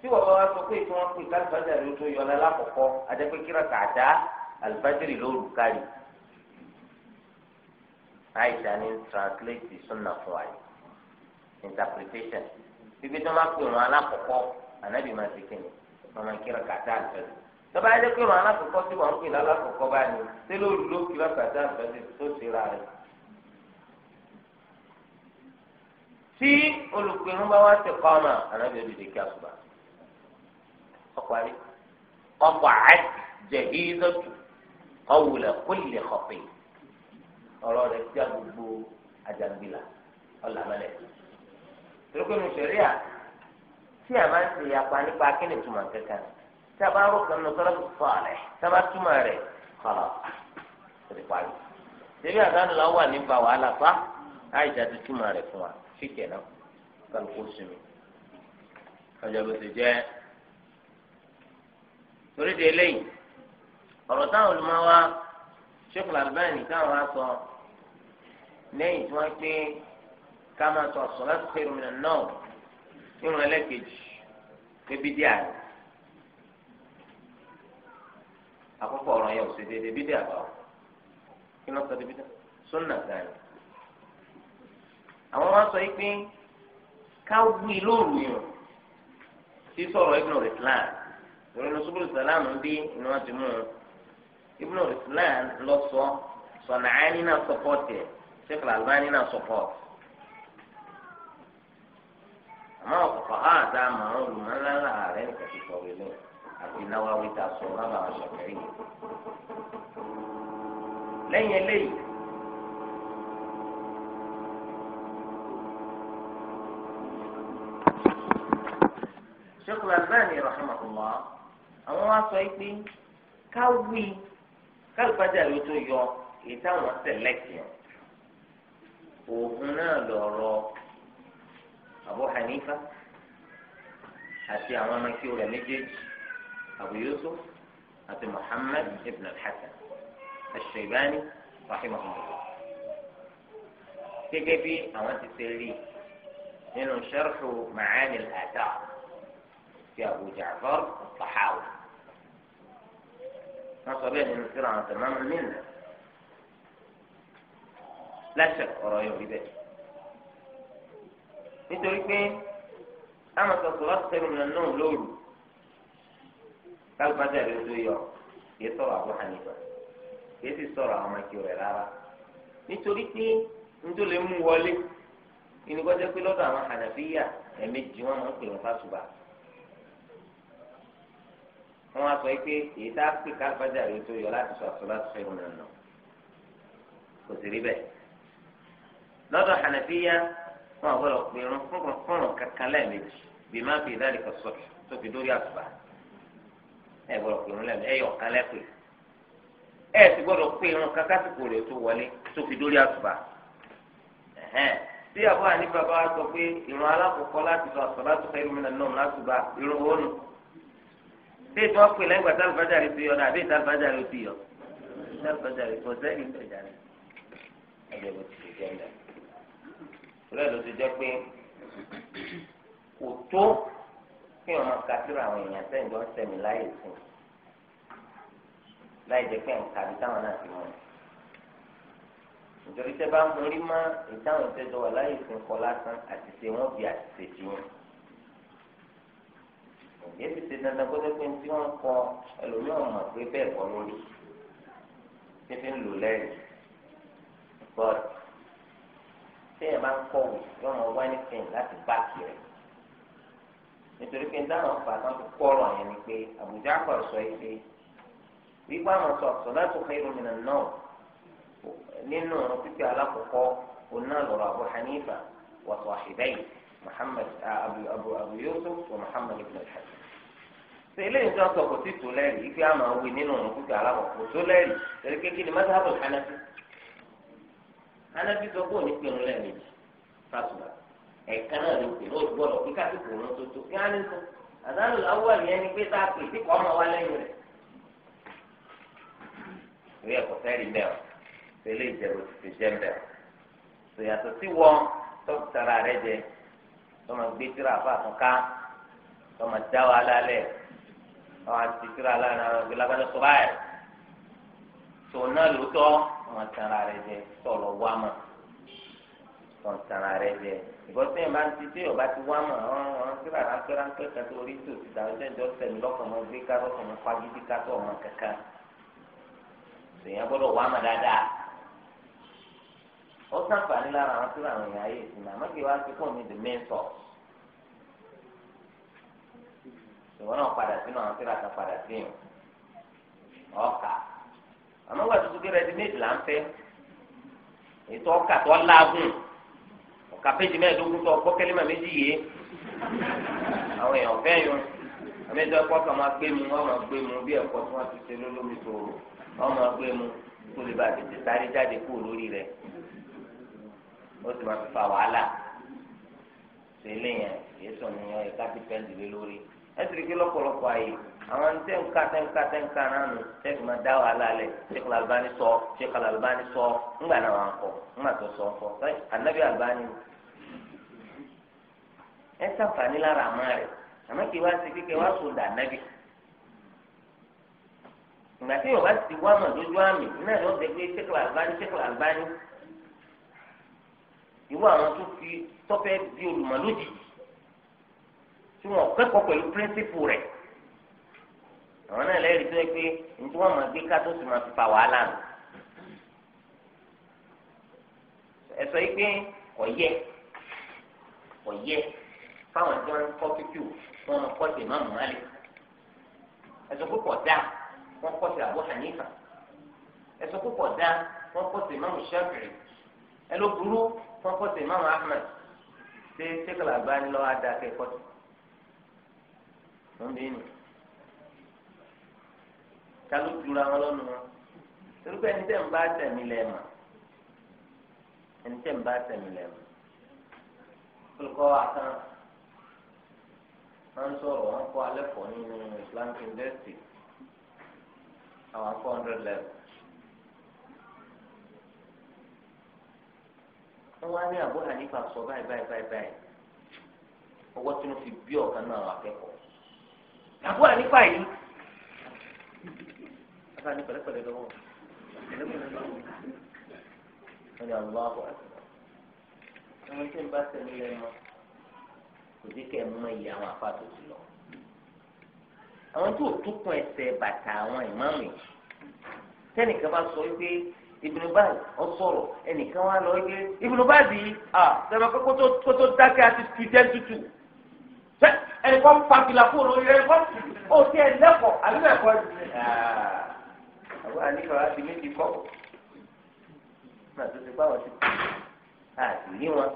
tí wọ́n bá wá sọ pé kí wọ́n pè káàtà al-fajr ló tó yọ ọ lọ lákọ̀ọ́kọ́ àdẹ́pẹ́ kí raka'atá al-fajr lóru kárí aisha ní translate sunna fún wa yìí interpretation bíbí tó máa pè wọn alákọ̀ọ́kọ́ ànábì máa ti kíni wọn máa kíra kàtá àlùfẹ́lẹ̀ tọ́ba yẹn pé wọn alákọ̀ọ́kọ́ tí wọ́n ń pè lálákọ̀ọ́kọ́ báyìí ṣé ló ló kíra kàtá àlùfẹ́lẹ̀ tó ṣe ra rẹ̀. tí olùpinnu bá wá ti kọ́ ọmọ ànábì olùdè kí àsùbà ọkọ̀ àjẹ̀hí lọ́tù ọ̀wùlẹ̀ kó lè xọ̀pẹ̀ yìí. ọ̀rọ̀ rẹ̀ já gbogbo àjàngbìlà ọ̀làmọ́lẹ̀. torókòrò sẹ̀ríà tí a máa ń ṣe apá nípa túmọ̀ kankan tí a bá rò kan lọ sọ́dọ̀ fún ààrẹ tí a bá túmọ̀ rẹ̀ kọ̀ọ̀ ó ti parí. sẹ̀rí àdánù la wà nípa wàhálà pa àìjà túmọ̀ rẹ̀ fún wa kálukú sinmi. ọjọ́ bó ti jẹ́ torí eléyìí ọ̀rọ̀ táwọn olùmọ̀ Sheikh Al-Albani táwọn á sọ lẹ́yìn tí wọ́n pé ká máa sọ as-salatu khairun minan nawm nínú ẹlẹ́kejì níbi díà rẹ̀ àkọ́kọ́ ọ̀rọ̀ yẹn ò ṣe déédéé bídíà bá wọ̀ kí ló sọ débi dá sunna gani àwọn wá sọ yìí pé ká wí lóru yìí sísọ̀rọ̀ Ibn Islam lórí lọ́sọ́gbọ̀n ìsàlámù bí ni ti mú un. ibùdó islam lọ sọ sọ̀nàání náà sọpọ́tì ẹ̀ sheikh albani náà support ha ti sọ àti sọ eléyìí. sheikh àwọn sọ pé kálùbájà yóò tó yọ èyí táwọn sẹlẹ̀kì ọ òògùn náà lọ̀rọ̀ àbọ Hanifa àti àwọn ọmọ kí rẹ̀ méjèèjì Abu Yusuf àti muhammed ibn al-Hasan al-Shaybani rahimahullah gẹ́gẹ́ bí àwọn ti ṣe rí nínú sharhu ma'ani al-athar ti Abu Ja'far al-Tahawi. wọ́n sọ bẹ́ẹ̀ nínú síra àwọn tẹ̀mọ́ mi nìyẹn láṣẹ ọ̀rọ̀ yóò rí bẹ́ẹ̀ nítorí pé àwọn sọ̀tọ̀ láti tẹ̀lé ìrìnà náà lóru kálífàjà rẹ̀ tó yọ kì í sọ̀rọ̀ àbúrò hànífà kì í sì sọ̀rọ̀ àwọn ọmọkì rẹ̀ rárá nítorí pé nítorí mú wọlé ìnìkọ́jẹ́ pé lọ́dọ̀ àwọn hànàfíyà ẹ̀mejì wọn máa ń pè wọn fásùbà wọn wá sọ pé èyí tá a pè ká gbájà rẹ tó yọ láti sọ àtọ láti fẹ ìrùnà nà kò sì rí bẹ́ẹ̀ lọ́dọ̀ hànàfíyà wọn àgbọ́dọ̀ pé irun fúnrun kankan lẹ́ẹ̀mejì bí má fi ìdáàlì kan sọ tó fi dórí àtùbà ẹ gbọ́dọ̀ pé irun lẹ́ẹ̀mejì ẹ yọ ọ̀kan lẹ́pẹ́ ẹ sì gbọ́dọ̀ pé irun kankan sì kò rè tó wọlé tó fi dórí àtùbà tí àbọ̀ àní wa sọ pé irun alákọ̀ọ́kọ́ láti sọ àtọ̀ láti fẹ́ ṣé ìtọ́ pè lẹ́yìn ìgbà sálùfájà rẹ̀ ti yọ náà àbí ìsálùfájà rẹ̀ ti yọ sálùfájà rẹ̀ kò sẹ́yìn ìgbàjà rẹ̀ ẹgbẹ́ bó ti ṣe jẹ́ ẹ̀ rẹ̀ ló ti jẹ́ pé kò tó kí wọn máa kásìrò àwọn èèyàn sẹ́yìn jọ ń sẹ́mi láyè fún un láì jẹ́ pé nǹkan àbí táwọn náà ti mọ̀ nítorí tẹ́ bá ń mú rí mọ́ ìtàwọn ìtẹ́jọ́ wà láyè fún un kọ́ lásán àti ṣe wọ́n bí àti ṣe jù wọ́n yéé ti ṣe dandan kó tó pé tí wọ́n kọ ẹlòmíràn mọ̀ pé bẹ́ẹ̀ kọ́ lórí fífi ń lò lẹ́yìn but téèyàn bá ń kọ̀wé yóò mọ wá nífẹ̀ẹ́ láti bá kiri nítorí pé dáhùn fàtàn tó kọ̀rọ̀ yẹn ni pé àbújá kọ̀ sọ yìí pé wípé àwọn sọ salatu khairun minan nawm nínú pípẹ́ alákọ̀ọ́kọ́ onáà lọ́rọ̀ Hanifa wa sahibayhi muhammed uh, abu abu abu yusuf wa muhammed ibn al-hasan ṣe eléyìí tó ń sọ kò sí tó lẹ́rìí ife àmà wí nínú òun kúkẹ́ aláwọ̀ kò tó lẹ́rìí torí kékeré ni mọ́tàbù hanafi hanafi sọ pé òní pinnu lẹ́ẹ̀mejì fásùlà ẹ̀ka náà ló pinnu ó gbọ́dọ̀ pé káfí kò rún tó tó kí á ní sọ àdánù awúwà yẹn ni pé tá a pè sí kọ́ ọmọ wa lẹ́yìn rẹ̀ ìwé ẹ̀kọ́ sẹ́rì mẹ́ọ̀ ṣe eléyìí jẹ́ bó ti ṣe jẹ́ mẹ́ọ̀ ṣèyàtọ̀ sí wọn tọ́kítara rẹ̀ jẹ́ tó máa gbé tíra àfa àtúnká tó máa dá wa lálẹ́ àwọn àti tíra lánàá àwọn ìgbéláwá gbọ́dọ̀ tó báyìí tó náà lóòótọ́ wọn tara rẹ jẹ tọlọ wá mọ wọn tara rẹ jẹ ìgbọ́sẹ̀ máa ń ti tí ọba ti wá mọ̀ ọ́n ọ́n síra ránpẹ́ ránpẹ́ kan tó ti dàrú jẹ́jọ́ sẹ̀mí lọ́kàn gbé ká lọ́kàn mọ́ fagídí ọmọ kankan ṣèyàn gbọ́dọ̀ wá mọ̀ dáadáa ó sàǹfààní lára àwọn tó làwọn èèyàn ayé ìsìn àmọ́ kí wàá ti pọ̀ ní the main source ìwọ náà padà sínú àwọn tíra kan padà sí yàn ọkà àmọ́ wà tuntun kí rẹ́dí méjì là ń fẹ́ ètò ọkà tó lágùn ọkà péjì mẹ́ẹ̀ẹ́dógún tó ọgbọ́ kẹ́lẹ́mà méjì yé àwọn èèyàn fẹ́ yun àmẹ́jọ ẹ̀kọ́ kan máa gbé mu wọ́n máa gbé mu bí ẹ̀kọ́ tí wọ́n ti ṣe lólómi tòrò wọ́n máa gbé mu tó lè bàtẹ̀ sáré jáde kúrò lórí rẹ̀ ó sì máa fi fa wàhálà ṣe léyìn yéésù ni ọ ti pẹ́ẹ́lì lé lórí ẹ sì rí pé lọ́pọ̀lọpọ̀ àyè àwọn tẹ́ǹkà tẹ́ǹkà tẹ́ǹkà náà nù máa dá wàhálà albani sọ ṣé albani sọ ńgbà náà wà ń kọ ńgbà tó sọ ń kọ albani ẹ sàǹfààní lára àmọ́ rẹ̀ àmọ́ kí wá sí kíkẹ́ wá sùn dà ànábì ìgbà tí yorùbá ti wá irú àwọn tó fi tọ́fẹ́ di olùmọ̀ lójijì tí wọn kẹ́kọ̀ọ́ pẹ̀lú píríncípù rẹ̀ àwọn náà lẹ́rìí tó yẹ pé nítorí wọn máa gbé ká tó sì máa fi fa wàhálà nù ẹ̀sọ́ yìí pé kò yẹ kò yẹ fáwọn tí wọ́n ń kọ́ fífíù tí wọ́n kọ́ sí máàmù má lè ẹ̀sọ́ púpọ̀ dá wọ́n kọ́ sí àbọ̀ hànífà ẹ̀sọ́ púpọ̀ dá wọ́n kọ́ sí máàmù ṣẹ́fìrì ẹ̀ ló burú wọn kọ sí imaamu ahmed ṣé sẹkẹlẹ abáni lọ adá kẹkọ sí wọn bẹ nù kálù tura wọn lọnà wọn torúkọ ẹni tẹ ń bá tẹmí lẹ mà ẹni tẹ ń bá tẹmí lẹ mà olùkọ́ àtàn wọn sọ̀rọ̀ wọn kọ alẹ́ pọ̀ nínú Islamic University àwọn four hundred level. wọn wá ní Abu Hanifa sọ báyìí báyìí báyìí báyìí ọwọ́ tí wọ́n fi bí ọ̀kan náà wà kẹ́kọ̀ọ́ Abu Hanifa yìí afa ní pẹ̀lẹ́pẹ̀lẹ́ lọ́wọ́ pẹ̀lẹ́pẹ̀lẹ́ lọ́wọ́ wọn ni àwọn ọkọ ẹni tí ń bá tẹ̀lé lẹ́nu kò sí kẹ́ ẹ mọ iye àwọn afa tó ti lọ àwọn tí ò túkun ẹsẹ̀ bàtà àwọn ìmáàmù yìí tẹ́nìkan bá sọ wípé. Ibn Baz ọ sọ̀rọ̀ ẹnìkan wá lọ ike Ibn Baz yìí à sẹ́mi pé kó tó dákẹ́ àti tu jẹ́ tutù ẹnìkan pa fìlà fún olórí rẹ ẹnìkan ó ti ẹ̀ lẹ́kọ̀ọ́ àbí bẹ́ẹ̀ kọ́ ẹ̀ àwọn àníkàn á ti méjì kọ́ náà tó ti báwọn ti kú àti rí wọn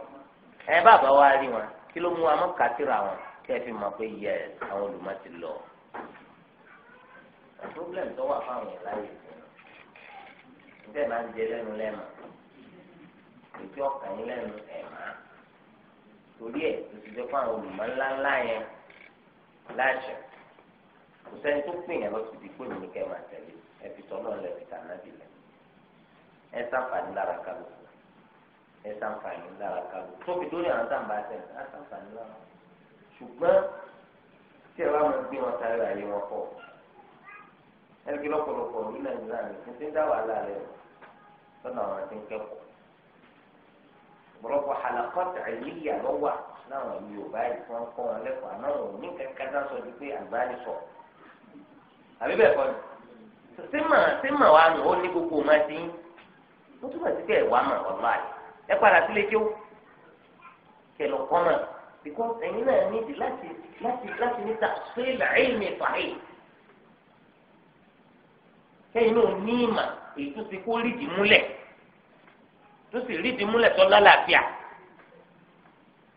ẹ bàbá wa rí wọn kí ló mú wa mọ́ kàtìrà wọn kí ẹ fi mọ̀ pé yẹ àwọn olùmọ̀ ti lọ. problem tó wà fáwọn yẹn láyé bẹ́ẹ̀ máa ń jẹ lẹ́nu lẹ́nu ètò ọkàn yín lẹ́nu ẹ̀má torí ẹ̀ tó ti jẹ́ fún àwọn olùmọ̀ ńlá ńlá yẹn láṣẹ kò sẹ́ni tó pè yẹn lọ sí ibi pé mi kẹ́ máa tẹ̀lé ẹ fi tọ́ náà lẹ fi tà náà bìlẹ̀ ẹ sàǹfààní lára kálukú ẹ sàǹfààní lára kálukú tó fi dórí àwọn sàǹbà tẹ̀lé ẹ sàǹfààní lára ṣùgbọ́n tí ẹ bá mọ gbé wọn sáré ayé wọn pọ̀ ẹni kí lọ́pọ̀lọpọ̀ ní nàìjíríà rẹ̀ ní ti ń dá wàhálà rẹ̀ lọ́nà àwọn àti ń kẹ́kọ̀ọ́ ọ̀pọ̀lọpọ̀ àlàkọ́tà ìlíyà ló wà láwọn ìlú yorùbá yìí tí wọ́n kọ́ wọn lẹ́kọ̀ọ́ àmọ́ wọn ò ní kankan náà sọ ju pé àgbà ni sọ àbí bẹ́ẹ̀ kọ́ ni símà símà wa nù ó ní gbogbo máa ti ń mo túbọ̀ sí pé ẹ̀wà mà ọ̀la yìí ẹ padà sílé kí ó kẹ kọ́ mà because ẹ̀yin náà níbi láti láti láti níta ṣé làá ìmì fàáyì kẹ́yìn náà ní ìmọ̀ èyí tó ti kó rídìí múlẹ̀ tó sì rídìí múlẹ̀ tó lálàáfíà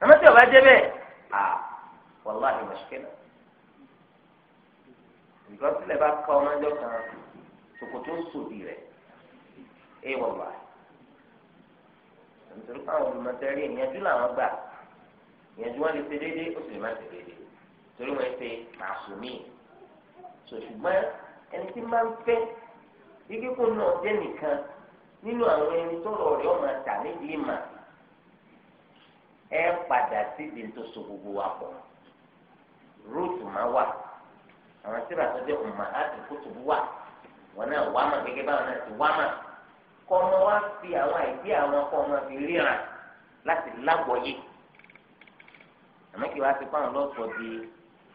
àmọ́ tí ọba jẹ́ bẹ́ẹ̀ à wàláhì mọ̀ṣíkẹ́lá nǹkan sílẹ̀ bá kọ́ ọmọ ẹjọ́ kan ṣòkòtò ń sòdì rẹ̀ ẹ wọ̀lá nítorí pé àwọn olùmọ̀tẹ́rì ìyẹnjú làwọn gbà ìyẹnjú wọn lè ṣe déédéé ó sì lè má ṣe déédéé torí wọn ṣe màsùmí ṣòṣùgbọ́n ẹni tí máa ń fẹ́ ike kó náà jẹ́ nìkan nínú àwọn ẹni tọrọ rẹ̀ ọmọ àtà nídìí ìmà ẹ padà síbi tó so gbogbo wa pọ̀ rúùtù máa wà àwọn tíra tó jẹ́ ọmọ àti kótóbù wà wọn náà wà mà gẹ́gẹ́ báwọn náà ti wà wa fi àwọn àìdí àwọn kọ́ ọmọ fi ríran láti lágbọ̀ọ́yé àmọ́ kí wàá ti pa àwọn lọ́sọ̀ọ́ di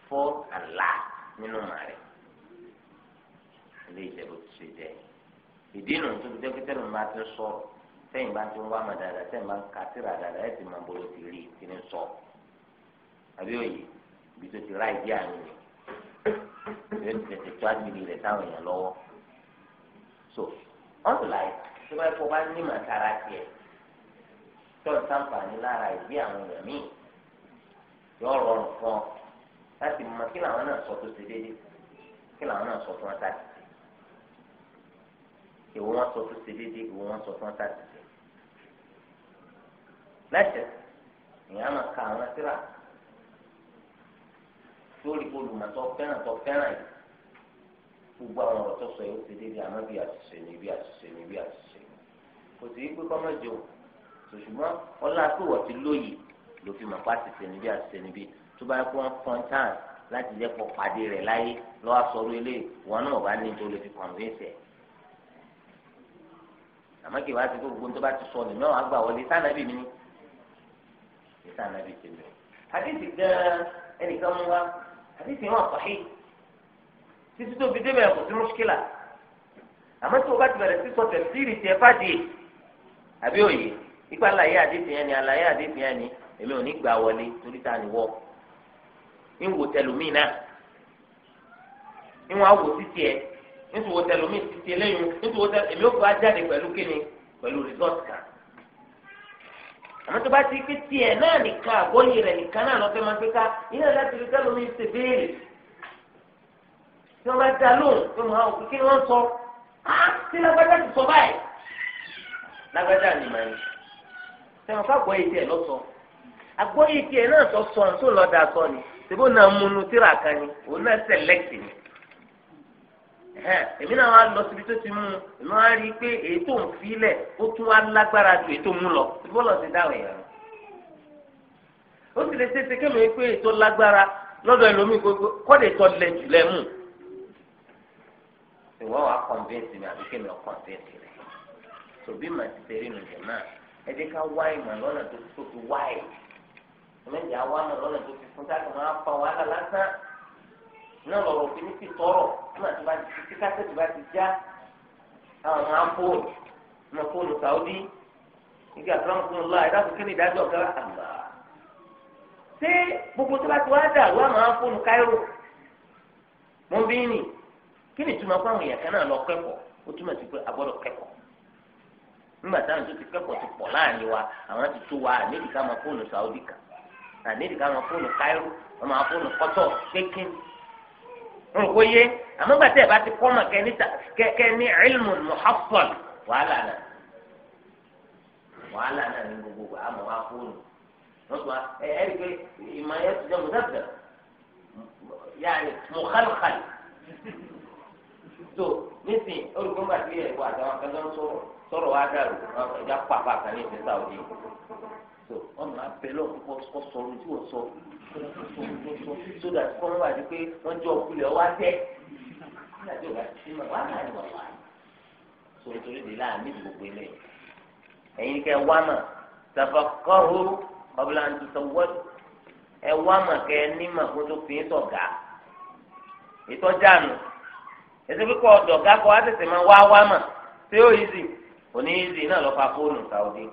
fọ àlá nínú ilé ìjẹ̀bù ti ṣe jẹ́ ìdí nù tó fi jẹ́ pé tẹ́lẹ̀ máa ti sọ̀rọ̀ sẹ́yìn bá ti ń wá mà dáadáa sẹ́yìn bá ń ka síra dáadáa ẹ̀ sì máa bolo ti rí ti ní sọ àbí òye ibi tó ti ra ìdí àmì ni. yóò ti tètè tó àgbèrè rẹ̀ táwọn èèyàn lọ́wọ́ so unlike tí wọ́n fọwọ́ ní màtara tiẹ̀ tó sàǹfààní lára ìdí àwọn èèyàn míì yóò rọrùn fún láti mọ kí làwọn náà sọ tó ṣe déédéé kí làwọn náà sọ tó wọn sáà ìwọ wọn sọ tó ṣe déédéé ìwọ wọn sọ tó ń ṣàtìṣe. lẹ́sẹ̀ ìyá máa ka àwọn síra lórí olùmọ̀tọ́ fẹ́ràn tó fẹ́ràn yìí gbogbo àwọn ọ̀rọ̀ tó sọ yìí ó ṣe déédéé àmọ́ bí àṣìṣe ni bí àṣìṣe ni bí àṣìṣe ni kò sí pé kọ́ mọ́jọ ṣùgbọ́n ọlá pé wọ́n ti lóye ló fi mọ̀ pa àṣìṣe ni bí àṣìṣe ni bí tó bá yẹ kó wọ́n fọ́n tán láti jẹ́ pọ̀ pàdé rẹ̀ láyé lọ́wọ́ sọ̀rọ̀ eléyìí wọn náà bá ní nítorí fi kọ̀ǹfẹ́sẹ̀ àmọ́ kí wàá ti gbogbo tó bá ti sọ nìyẹn wàá gbà wọlé sànàbì mi ní sànàbì ti lọ. àdìsí gan ẹnìkan mú wa àdìsí wọn àpáyé títí tó fi débẹ̀ kò sí mùṣkílà àmọ́ tí o bá ti bẹ̀rẹ̀ sí sọ tẹ̀síìrì tiẹ̀ fàdí àbí òye ipa àlàyé àdìsí yẹn ni àlàyé àdìsí yẹn ni èmi ò ní gbà wọlé torí ta ni wọ́ ń wò tẹlómìnà ń wọ́n á wò títí ẹ̀ nítorí wọ́n tẹ̀lé omi títí eléyìí nítorí wọ́n tẹ̀lé èmi ò fọ́ ajáde pẹ̀lú kíni pẹ̀lú resort kan. àmọ́ tó bá ti pé tiẹ̀ náà nìkan àgbọ́yé rẹ̀ nìkan náà lọ́fẹ́ máa ń pé ká ilé láti rí tẹ́lẹ̀ omi ṣe béèrè. tí wọ́n bá dá lóhùn pé mo hàn òkú kí wọ́n sọ á sí lágbájá ti sọ báyìí. lágbájá ni màá ní. sẹ́wọ̀n ká gbọ́ ètí ẹ̀ lọ́sọ. àgbọ́yé tiẹ̀ náà sọ sọ̀nsó lọ́dà sọ ni tèbó náà múnú tíra kan ni òun náà sẹ̀lẹ́kì ni. èmi náà na lọ síbi tó ti mú un èmi rí i pé èyí tó ń filẹ̀ ó tún wá lágbára ju èyí tó mú lọ ìbí lọ sí dáwọ̀ ẹ̀yà ó sì lè ṣeéṣe kí lóye pé èyí tó lágbára lọ́dọ̀ ẹlòmíì gbogbo kọ́dẹ̀ tó lẹ̀ jù lẹ̀ mú. ìwọ wa kọ̀ǹfẹ́ǹsì mi àbí kémi ọ̀kọ̀ǹfẹ́ǹsì rẹ̀ tòbí mà ti ṣe rí jẹ̀ náà ẹ ká wá náà lọ̀rọ̀ fi ní ti tọrọ nígbà tí bá ti ti kásẹ̀ tí bá ti já àwọn máa ń fóònù wọn fóònù sàódì nígbà tí wọn fóònù lọ àìdáàbò kí ni ìdájọ́ ọ̀gá àgbà ṣé gbogbo tí bá ti wá dà wọ́n máa ń fóònù káírò mo bí nì kí ni ìtumọ̀ fáwọn èèyàn kan náà lọ kẹ́kọ̀ọ́ ó túmọ̀ sí pé a gbọ́dọ̀ kẹ́kọ̀ọ́ nígbà táwọn tó ti kẹ́kọ̀ọ́ ti pọ̀ láàrin wa àwọn ti tó wa àníbi máa fóònù sàódì kan àníbi máa fóònù káírò máa fóònù kọ́tọ̀ kékin nǹkó yé àmọ́ gbàtẹ́ ẹ̀ bá ti kọ́ mà kẹ́ ní ilmun muhaffal wàhálà náà wàhálà náà ní gbogbo àmọ́ wa fóònù wọ́n sọ ẹ ẹ́ rí i pé ìmọ̀ yẹn ti jẹ́ mùsàbẹ̀ yàrá mùkàlùkàlù tó nísìn olùkọ́ gbà sí ẹ̀kọ́ àtàwọn akẹ́kọ̀ọ́ sọ̀rọ̀ sọ̀rọ̀ wa dàrú ìjà pàpà kan ní ìfẹ́ sáwọ́dì ọmọ sọ tí wọ́n sọ so that kọ́lọ́ wà ní pé jọ so nítorí de láàmì gbogbo ilẹ̀ ẹ̀yin kẹ́ wá mà tàbàkọ́hó ọ̀bùlà ń tutù wọ́dù ẹ wá mà kẹ́ ẹ kó tó fi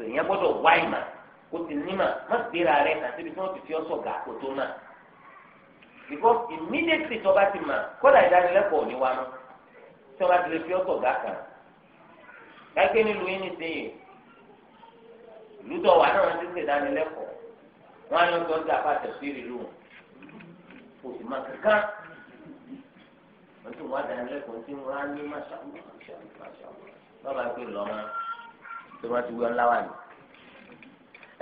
sọ èèyàn gbọ́dọ̀ wá ìmọ̀ kó ti nímọ̀ má gbéra rẹ àti ibi tí wọ́n ti fi ọ́ sọ̀gà kó tó mọ̀ because immediately tó bá ti mọ̀ kódà ìdánilẹ́kọ̀ọ́ ní wa mọ́ tó bá ti lè fi ọ́ sọ̀gà kan káyipé nílùú yín nìsíyìí lùtọ̀ wà náà ti ṣe ìdánilẹ́kọ̀ọ́ wọn á ní ọjọ́ ọjà fà tẹ̀síìrì lù kò sì máa kankan wọ́n ti wá ìdánilẹ́kọ̀ọ́ tí wọ́n á ní máṣá máṣá lọ́ba gbé lọ́mọ́ tí wọ́n ti wí ọ́n láwà ní.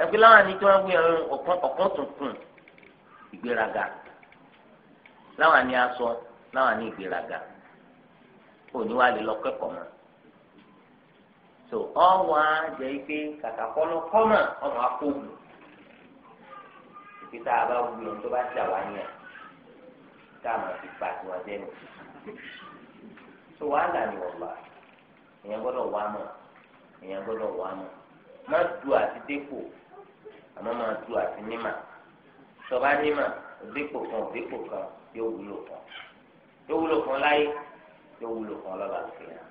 ẹgbẹ́ láwà ní tí wọ́n wí ọ̀kan ọ̀kan tuntun ìgbéraga láwà ní aṣọ láwà ní ìgbéraga kò ní wàá lè lọ kẹ́kọ̀ọ́ mọ́. tó ọ̀wá jẹ́ pé kàkà kọ́lọ́ kọ́mọ̀ ọmọ akóògùn ìpè tá a bá wí ohun tó bá ṣà wá ní ẹ̀ tá a máa fi pa tiwọn jẹ́ nù. tó wàhálà ni wọ́n bá ìyẹn gbọ́dọ̀ wá mọ́ èèyàn gbọ́dọ̀ wà mọ̀ má du àti dépò àmọ́ máa du àti nímà tọba nímà òdépò kan òdépò kan yóò wúlò kan yóò wúlò kan láyé yóò wúlò kan lọ́la òkèèyàn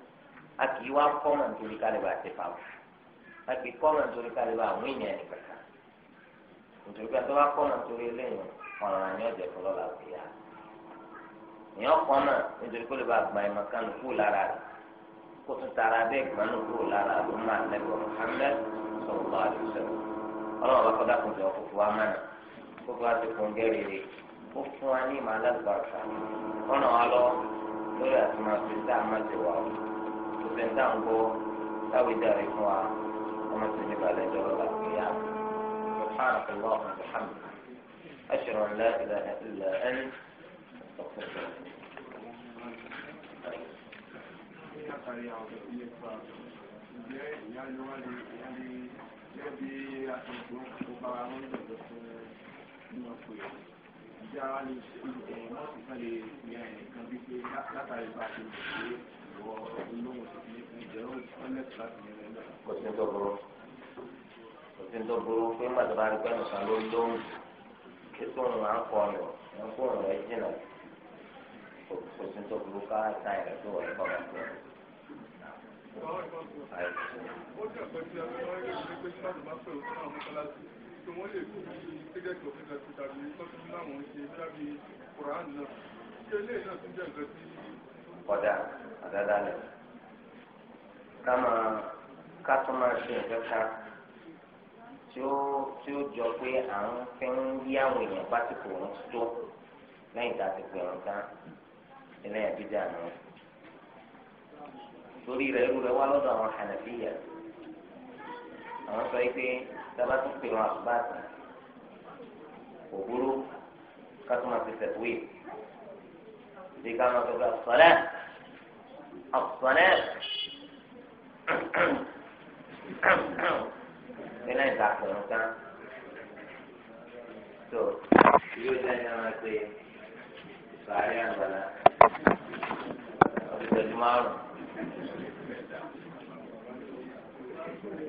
a kì í wá kọ́mọ̀ nítorí kálíbà ti pa wò a kì í kọ́mọ̀ nítorí kálíbà àwọn èèyàn nìkan kan nítorí pé tọba kọ́mọ̀ nítorí eléyìí ọ̀ràn ni ọ̀jẹ̀ kan lọ́la òkèèyàn èèyàn kọ́mọ̀ nítorí kó lè bá àgbà ìmọ̀ kan kú lára rẹ̀. kó tún tara bẹ́ẹ̀ gbanú kúrò lára ló máa nẹ́bọ̀ Muhammad sallallahu alaihi wasallam ọlọ́run bá kọ́dá kùn jọ fòfò wa mánà fòfò wa ti kún gẹ́rẹ́rẹ́ ó fún wa ní ìmọ̀ alágbàtà ọ̀nà wa lọ lórí àti máa fi sáà má ti wà ó kò sẹ́ni tá à ń gbọ́ táwọn ìdá rẹ̀ fún wa ọmọ tó ní balẹ̀ jọlọ la pè ya subhanaka Allahumma wa bihamdika ashhadu an la ilaha illa anta astaghfiruka wa atubu ilayk látàrí àwọn ọ̀dọ́ ilé pa ǹjẹ́ ìyá ni wọ́n lè ìyá ni jẹ́ bí aṣojú tó bá wọn lọ́dọ̀ fún mímọ́ pé ǹjẹ́ ara ni olùkọ́ náà ti fẹ́ lè yẹ nǹkan bí pé látàrí bá a ṣe lè ṣe ìwọ olóhùn sí ní ìjẹ́ ọ̀lẹ́tì láti yẹn lẹ́nu. kò sí dọ́gbọ́rọ́ kò sí dọ́gbọ́rọ́ pé màtí bá rí pẹ́ẹ́nù kan ló lóhùn kí tóun ká ta ẹ̀ tó ọ̀rẹ́ kọ̀ọ̀kan ó jẹ́ ọ̀pẹ́ tí a fi wọ́n tí ó jọ pé à ń fi ń yí àwọn èèyàn tó lẹ́yìn tá torí rẹ̀ irú rẹ̀ wá lọ́dọ̀ àwọn hànàfíyà àwọn sọ pé sábà tún pè wọn àtúbà tán kò burú ká tún máa fi sẹ̀kúwì bí ká máa tọ́jú àtúnṣọlẹ̀ àtúnṣọlẹ̀ nínú ìdàpọ̀ nǹkan tó yóò jẹ́ ní àwọn pé sàárẹ̀ àgbàlá ọdún tẹ̀síwájú márùn-ún.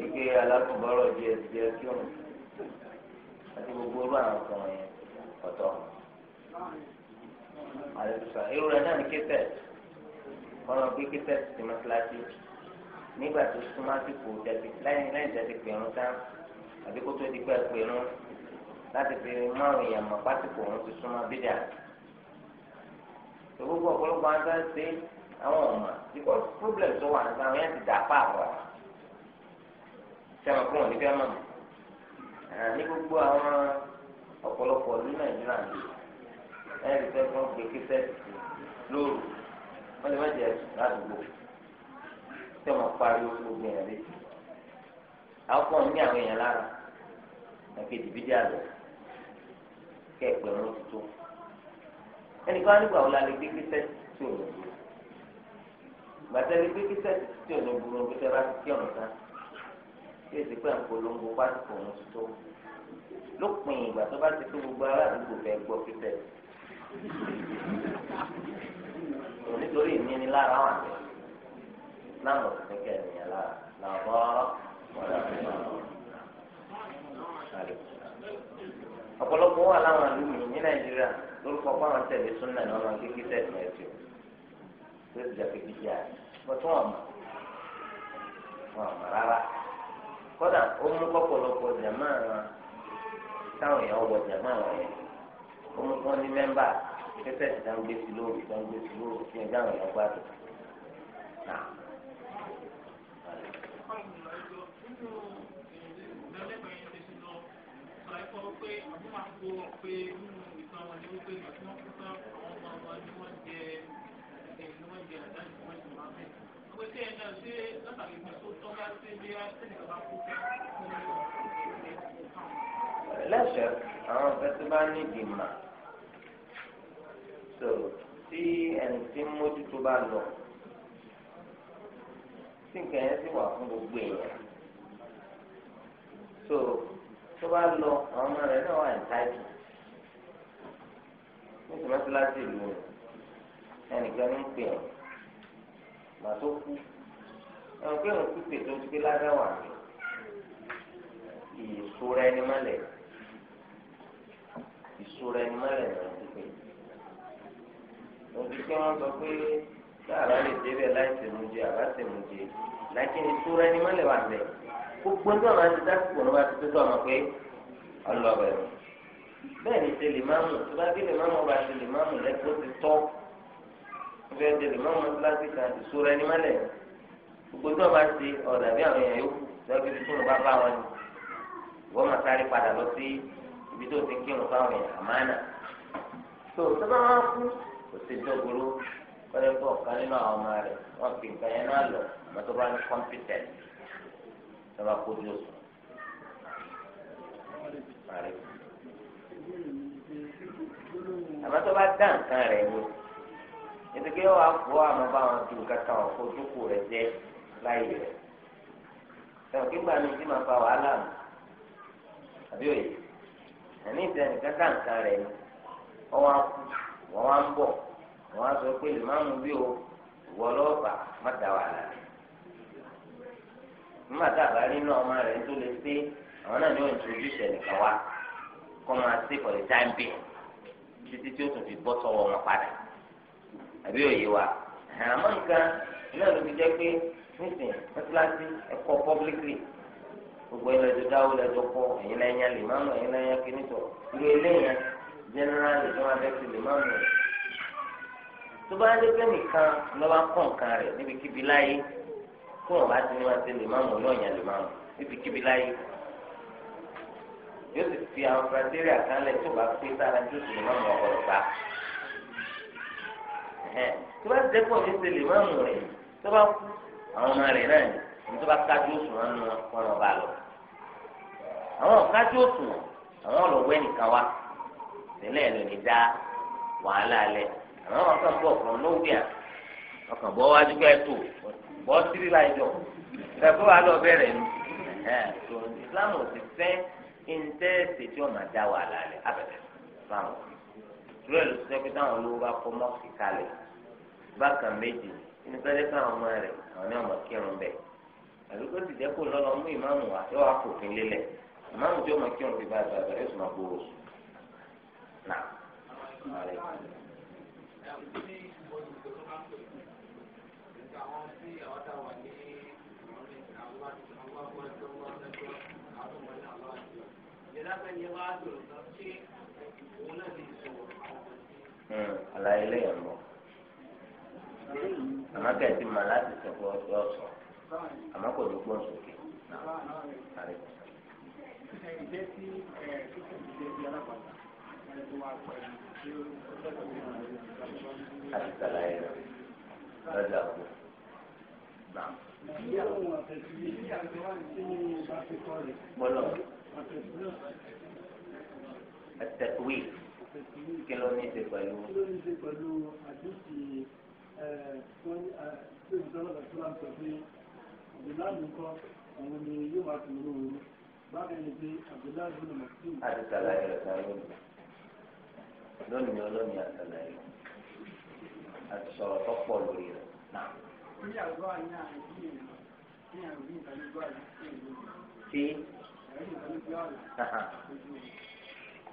ike alákùnbọ̀rọ̀ díẹ̀ díẹ̀ kí òun àti gbogbo orú àwọn kan yẹn ọ̀tọ̀ àlùfà irú rẹ̀ náà ní kéfẹ̀ ọ̀nà gbé kéfẹ̀ ti mọ́ kíláàsì nígbà tó súnmọ́ àsìkò lẹ́yìn lẹ́yìn tẹ́tí pẹ̀rún tán àbí kó di pẹ́ pẹ̀rún láti fi márùn èèyàn mọ̀ pásìkò òun ti súnmọ́ bídà. ìgbógbó ọ̀pọ̀lọpọ̀ àwọn sáà ń àwọn ọmọ because problem tó wà nípa àwọn yẹn ti dà pa àwọn ọmọ sẹ́wọ̀n fún wọn ní ní gbogbo àwọn ọ̀pọ̀lọpọ̀ ní nàìjíríà ẹ̀ ẹ́ fẹ́ fún gbé kíkẹ́ lóru lè má ládùúgbò pariwo gbogbo yẹn lé àwọn kan ní àwọn èèyàn lára ẹ̀kejì bídí àlọ́ kẹ́ẹ̀pẹ̀ wọn ti tó ẹnìkan á gbàtẹ́lí pé kí sẹ́ẹ̀tì títí òní burú pé tẹ́ bá ti kí ọ̀nà kí èsì pé ń polongo pásítọ̀ òun ti tó lópin ìgbà tó bá ti gbogbo ará àdúgbò fẹ́ gbọ́ kí sẹ́ẹ̀tì. nítorí ìmíní lára wà ní láwọn òsì kẹ ènìyàn lára làbọ wọlé ọ̀pọ̀lọpọ̀ wà láwọn ní nàìjíríà lórúkọ fún àwọn tó ti jẹ́ kébi yá ni wọ́n tún wọn mọ̀ wọn mọ̀ rárá kódà ó mú kọ́pọ̀lọpọ̀ jàmá wọn táwọn èèyàn wọ jàmá wọn yẹn ó mú kán ní mẹ́mbà pépè tí wọ́n gbé sí lóru tí wọ́n gbé sí lóru tí wọ́n dáhùn èèyàn gbádùn náà. pé àbúrò àgbo pé nínú ìtàn wọn ni wọ́n pé ìgbà tí wọ́n kú tán àwọn ọmọ wọn ni wọ́n jẹ lẹ́sẹ̀ àwọn ọ̀fẹ́ tó bá ní ìdìmọ̀ tó tí ẹni tí ń mójútó bá lọ tí nǹkan yẹn sì wà fún gbogbo èèyàn tó tó bá lọ àwọn ọmọ rẹ̀ náà wà ní ní tòmátì láti lù ẹnìkan ń pè ọ́ màá tó kú ẹ̀rọ pé òun kú tètè ojú pé ládàá wà ní ìṣúra ẹni mọ́lẹ̀ ìṣúra ẹni mọ́lẹ̀ náà ti pè òbí pé wọ́n sọ pé sáàrà lè débẹ̀ láì tẹ̀mùjẹ àbá tẹ̀mùjẹ láti ìṣúra ẹni mọ́lẹ̀ wà bẹ̀ gbogbo ní ọ̀nà àti dásìkò ní wọ́n ti tẹ́tọ́ ọmọ pé ọlọ́bẹ̀ bẹ́ẹ̀ ni tẹ̀lé máàmù tó bá gbé lè máàmù ọba tẹ̀lé máàmù lẹ́kọ̀ọ́ ti tọ́ ìfẹ́ délé mọ́mọ́ síláṣí kan ìṣúra ẹni mọ́lẹ̀ gbogbo tí wọ́n bá ti ọ̀dà bí àwọn èèyàn yòókù lọ́gbẹ́ tí wọ́n bá bá wọn ni ìwọ́n máa sáré padà lọ sí ibi tó ti kírun fáwọn èèyàn àmánà tó sábà wọn kú kò sí dọ́gboro kọ́lẹ́ kọ́ ọ̀kan nínú àwọn ọmọ rẹ̀ wọ́n fi nǹkan yẹn náà lọ àmọ́ tó bá ní competent sábà kójú òsùn. àmọ́ tó bá dá nǹkan rẹ̀ wọ́n. ètò wa wọ́n á àmọ́ bá wọn ju kàtà ọ̀kọ́ ojúkù rẹ̀ jẹ́ láyé rẹ̀ ẹ̀wọ̀n kí gbà ti máa fa wàhálà mi àbí òye ẹ̀ní ìtẹ̀ni kàtà nǹkan rẹ̀ ni wọ́n wá sọ pé o má wàhálà nígbà tá a bá rí inú ọmọ tó lè àwọn náà ni kọ́ máa for the àbí òye wa àmọ́ nǹkan na ló fi jẹ́ pé nísìnyí mọ́tíláṣí ẹ̀kọ́ pọ́blíkì gbogbo ẹ̀yìn lẹ́jọ́ dáwọ́ lẹ́jọ́ kọ́ ẹ̀yìn lẹ́yìn alẹ́ máa mọ̀ ẹ̀yìn lẹ́yìn akíní tọ̀ irú eléyìn jẹ́nẹ́rálì tó máa bẹ́ẹ̀ ti lè máa mọ̀ ẹ̀. tó bá dé pé nìkan nǹkan rẹ̀ láyé bá ti ní máa ti lè máa mọ̀ lọ́ọ̀yàn lè máa mọ̀ láyé. yóò fi àwọn tó bá tó bá jẹ́ ní tẹ̀lé máa mú rẹ̀ tó bá kú àwọn ọmọ rẹ̀ náà ní tó bá kájú òsùn wọn nù wọn lọ bá lọ. àwọn kájú òsùn àwọn ọlọ́wọ́ ẹnìkan wá tẹ́lẹ̀ ẹ̀ ló dá wàhálà lẹ̀ àwọn ọkàn bọ̀ from nowhere ọkàn bọ̀ wájú bẹ́ẹ̀ tó bọ́ sírí láìjọ ẹ̀fọ́ wa lọ bẹ̀rẹ̀ ìrọ̀ ló sọ pé táwọn olówó bá fọ mọ́ọ̀sì kalẹ̀ bákan méjì nínú sọ́jẹ́ káwọn ọmọ rẹ̀ àwọn ní ọmọ kírun bẹ̀ àbí kó ti jẹ́ kó lọ́lọ́ mú ìmáàmù àti wàá fòfin lélẹ̀ ìmáàmù tí ó kírun ti bá a bàbá yóò sùn àgbò Gracias. àlàyé lẹ́yìn lọ àmọ́ kẹ̀sì mà láti sọ̀kọ ọ̀sọ̀ ọ̀sọ̀ àmọ́ kò ní gbọ́n sókè náà ìjẹ́ tí kíkẹ́ ìjẹ́ bí alápàtà ẹni tó wá pẹ̀lú tí ó tọ́jú ní àwọn ìgbàlódé. láti sàlàyé rẹ̀ lọ́jà kú. ìyàwó àtẹ̀sí ní àgbẹ̀wá tí mo bá fi bọ́lọ̀ àtẹ̀wé kí ló ní ṣe pẹ̀lú. kí ló ní ṣe pẹ̀lú àdéhùn fún ìdánwò tó máa ń sọ pé àbíláàbù kọ́ òun ni yóò máa tún lóru bákan ní pé àbíláàbù ni màtí. àti sàlàyé rẹ̀ kan lónìí lónìí olómi àtàlàyé àti sọ̀rọ̀ tó pọ̀ lórí rẹ̀ ní àgọ́ àyà àìsí ẹ̀ ní àgọ́ ìtàlẹ́gbọ́ àìsí ẹ̀ lónìí. tí.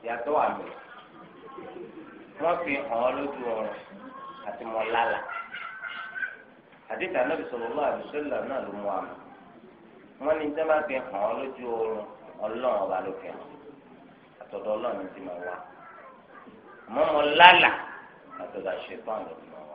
ìyàtọ̀ àmì. wọ́n fi hàn ọ́ lójú ọ̀rọ̀ àti mọ̀lálà àdìtà náà bisọ̀rọ̀ lọ́wọ́ àbísọ́lá náà ló mú àmọ́ wọ́n ní jẹ́ máa fi hàn ọ́ lójú ọ̀rọ̀ ọlọ́run ọba ló fi hàn àtọ̀dọ̀ ọlọ́run ti máa wá àmọ́ mọ̀lálà àtọ̀dọ̀ àwọn máa wá.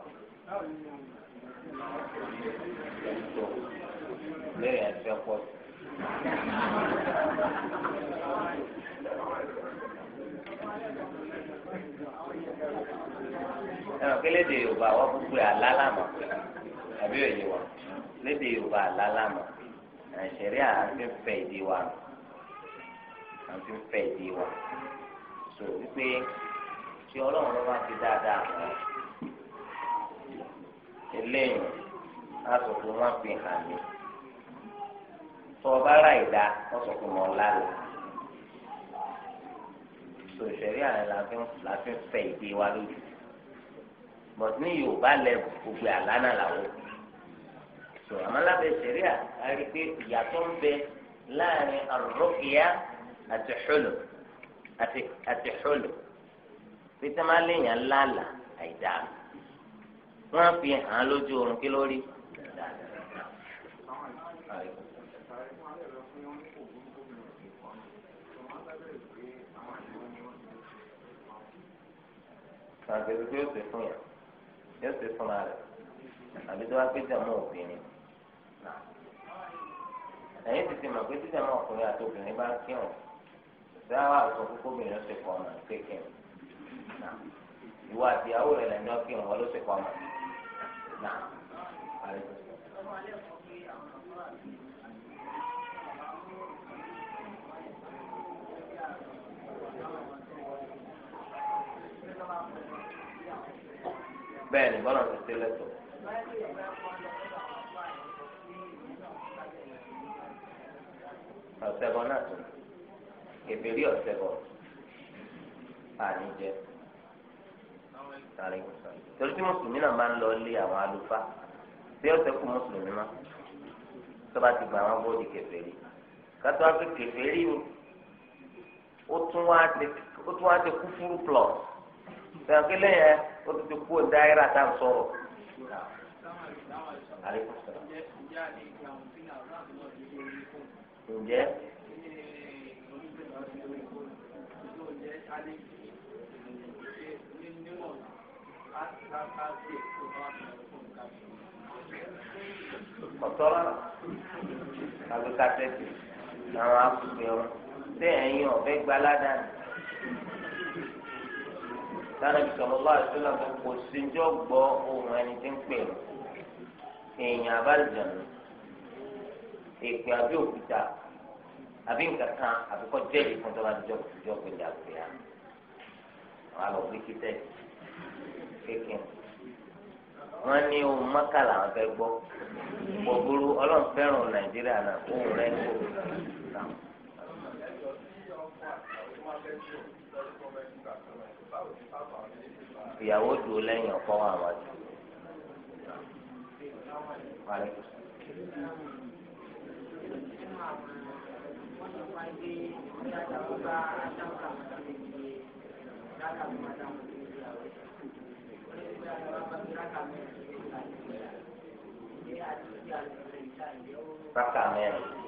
ẹnì pé léde yorùbá wọn kú pé àlá làmọ àbí òye wa léde yorùbá àlá làmọ àṣẹrí àti fẹ ìdí wa àti fẹ ìdí wa sọ wípé tí ọlọ́run ló bá ti dáadáa fún ọ eléyìí á sọ pé wọ́n fi hàn mí tọ́ ọ bá ráì dá wọ́n sọ pé mo lálẹ́ so ìṣẹ̀rí àná la fi ń fẹ́ ìdè wa lójú but ní yorùbá lẹ́bù gbogbo àlá náà làwọn so àmọ́ lábẹ́ ìṣẹ̀rí à á rí pé ìyàtọ̀ ń bẹ láàrin àrùkìyà àti xulù àti àti xulù pété àìdá wọ́n fi hàn lójú oorun kí lórí àgbẹ̀bí pé yóò ṣe fún yà yóò ṣe fúnra rẹ̀ àbí tó bá pé jàmọ́ obìnrin ẹ̀yìn ti ti mọ̀ pé jíjẹ̀ ọkùnrin àti obìnrin bá ń kírun ṣé àwọn àìsàn kókó obìnrin ṣe pọ̀ ọmọ ṣe kírun ìwà àti ìyàwó rẹ̀ lẹ́yìn ọkùnrin wọn ló ṣe pọ̀ ọmọ náà. bẹ́ẹ̀ ni bọ́lá ti ṣe lẹ́tọ̀. ọ̀sẹ̀bọ̀ náà tún kẹfẹ́rí ọ̀sẹ̀bọ̀ àníjẹ torí tí mùsùlùmí náà máa ń lọ lé àwọn àlùfáà tí ọ̀sẹ̀ kù mùsùlùmí má tó bá ti gba àwọn bóòdì kẹfẹ́rí kátó wá pé kẹfẹ́rí ni ó tún wá ti kúfúrú plọ̀ sọ̀rọ̀ kí lẹ́yìn ẹ̀ ó ti ti kú dáírà tá à ń sọ̀rọ̀. ǹjẹ́ ọ̀tọ́lá tàbí kásẹ̀tì làwọn akùnfin ọ̀rọ̀ tẹ́ ẹ̀yin ọ̀fẹ́ gbaládàá. sáré bisọ̀rọ̀ lọ́wọ́ àdúrà tó kò sí jọ́ gbọ́ ohun ẹni tí ń pè ọ́ èèyàn abájàn èpè àbí òkúta àbí àbíkọ́ jẹ́ ìfún tó bá jọ jọ pé dàgbé ya wọn lọ gbé kíkẹ́ kékin wọn ní ohun mọ́kànlá wọn fẹ́ gbọ́ ọlọ́run fẹ́ràn nàìjíríà náà ohun rẹ̀ ń ìyàwó dùn lẹ́yìn ọkọ wọn àwọn àti. Raka mẹ́rin.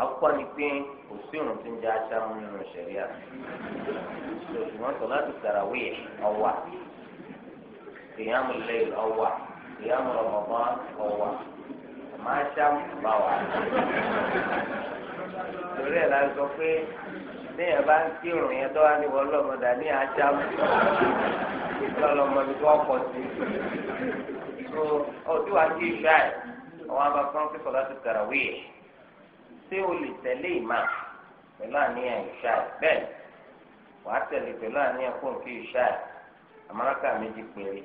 àkọ́kọ́ ni pé kò sí òun tí ń jẹ aṣáájú nínú ṣẹ̀ríà ṣùgbọ́n sọ láti sàràwí ọ̀wà kìyàmù lẹ́yìn ọ̀wà kìyàmù Ramadan ọ̀wà aṣáájú bá wà. torí ẹ̀ la sọ pé téèyàn bá ń kírun yẹn tó wá ní wọ́n lọ́mọdà ní aṣáájú lọ́lọ́mọdé tó ọkọ̀ sí. ó ti kí ìṣá ẹ̀ abakọ́ ń ṣé o lè tẹ̀lé ìmá pẹ̀lú àníyàn ìṣá ẹ̀ bẹ́ẹ̀ wà á tẹ̀lé pẹ̀lú àníyàn fún kí ìṣá ẹ̀ àmàlàkà méjì péré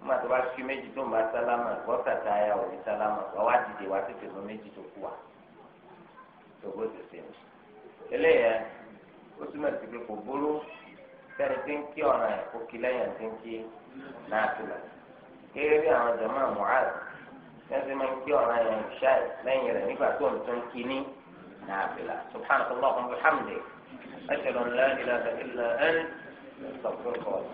ọmọ àti wá sí méjì tó ń bá sálámà gbọ́tà tá a yà wò ní sálámà wà wá dìde wá tètè mọ méjì tó kù wá tó bó ti sè é eléyà ó túmọ̀ sí pé kò burú sẹ́ni tí ń kí ọ̀ràn ẹ̀ kó kí lẹ́yìn tí ń kí náà tó lọ kéré bí àwọn jọ̀mọ́ àmọ́ àrùn kẹ́sì máa ń kí ọ̀ràn yẹn ṣáì lẹ́yìn rẹ̀ nígbà tó ń tún kí nàbìlà subhanahu wa ta'ala alhamdulilayi ashhadu an la ilaha wa atubu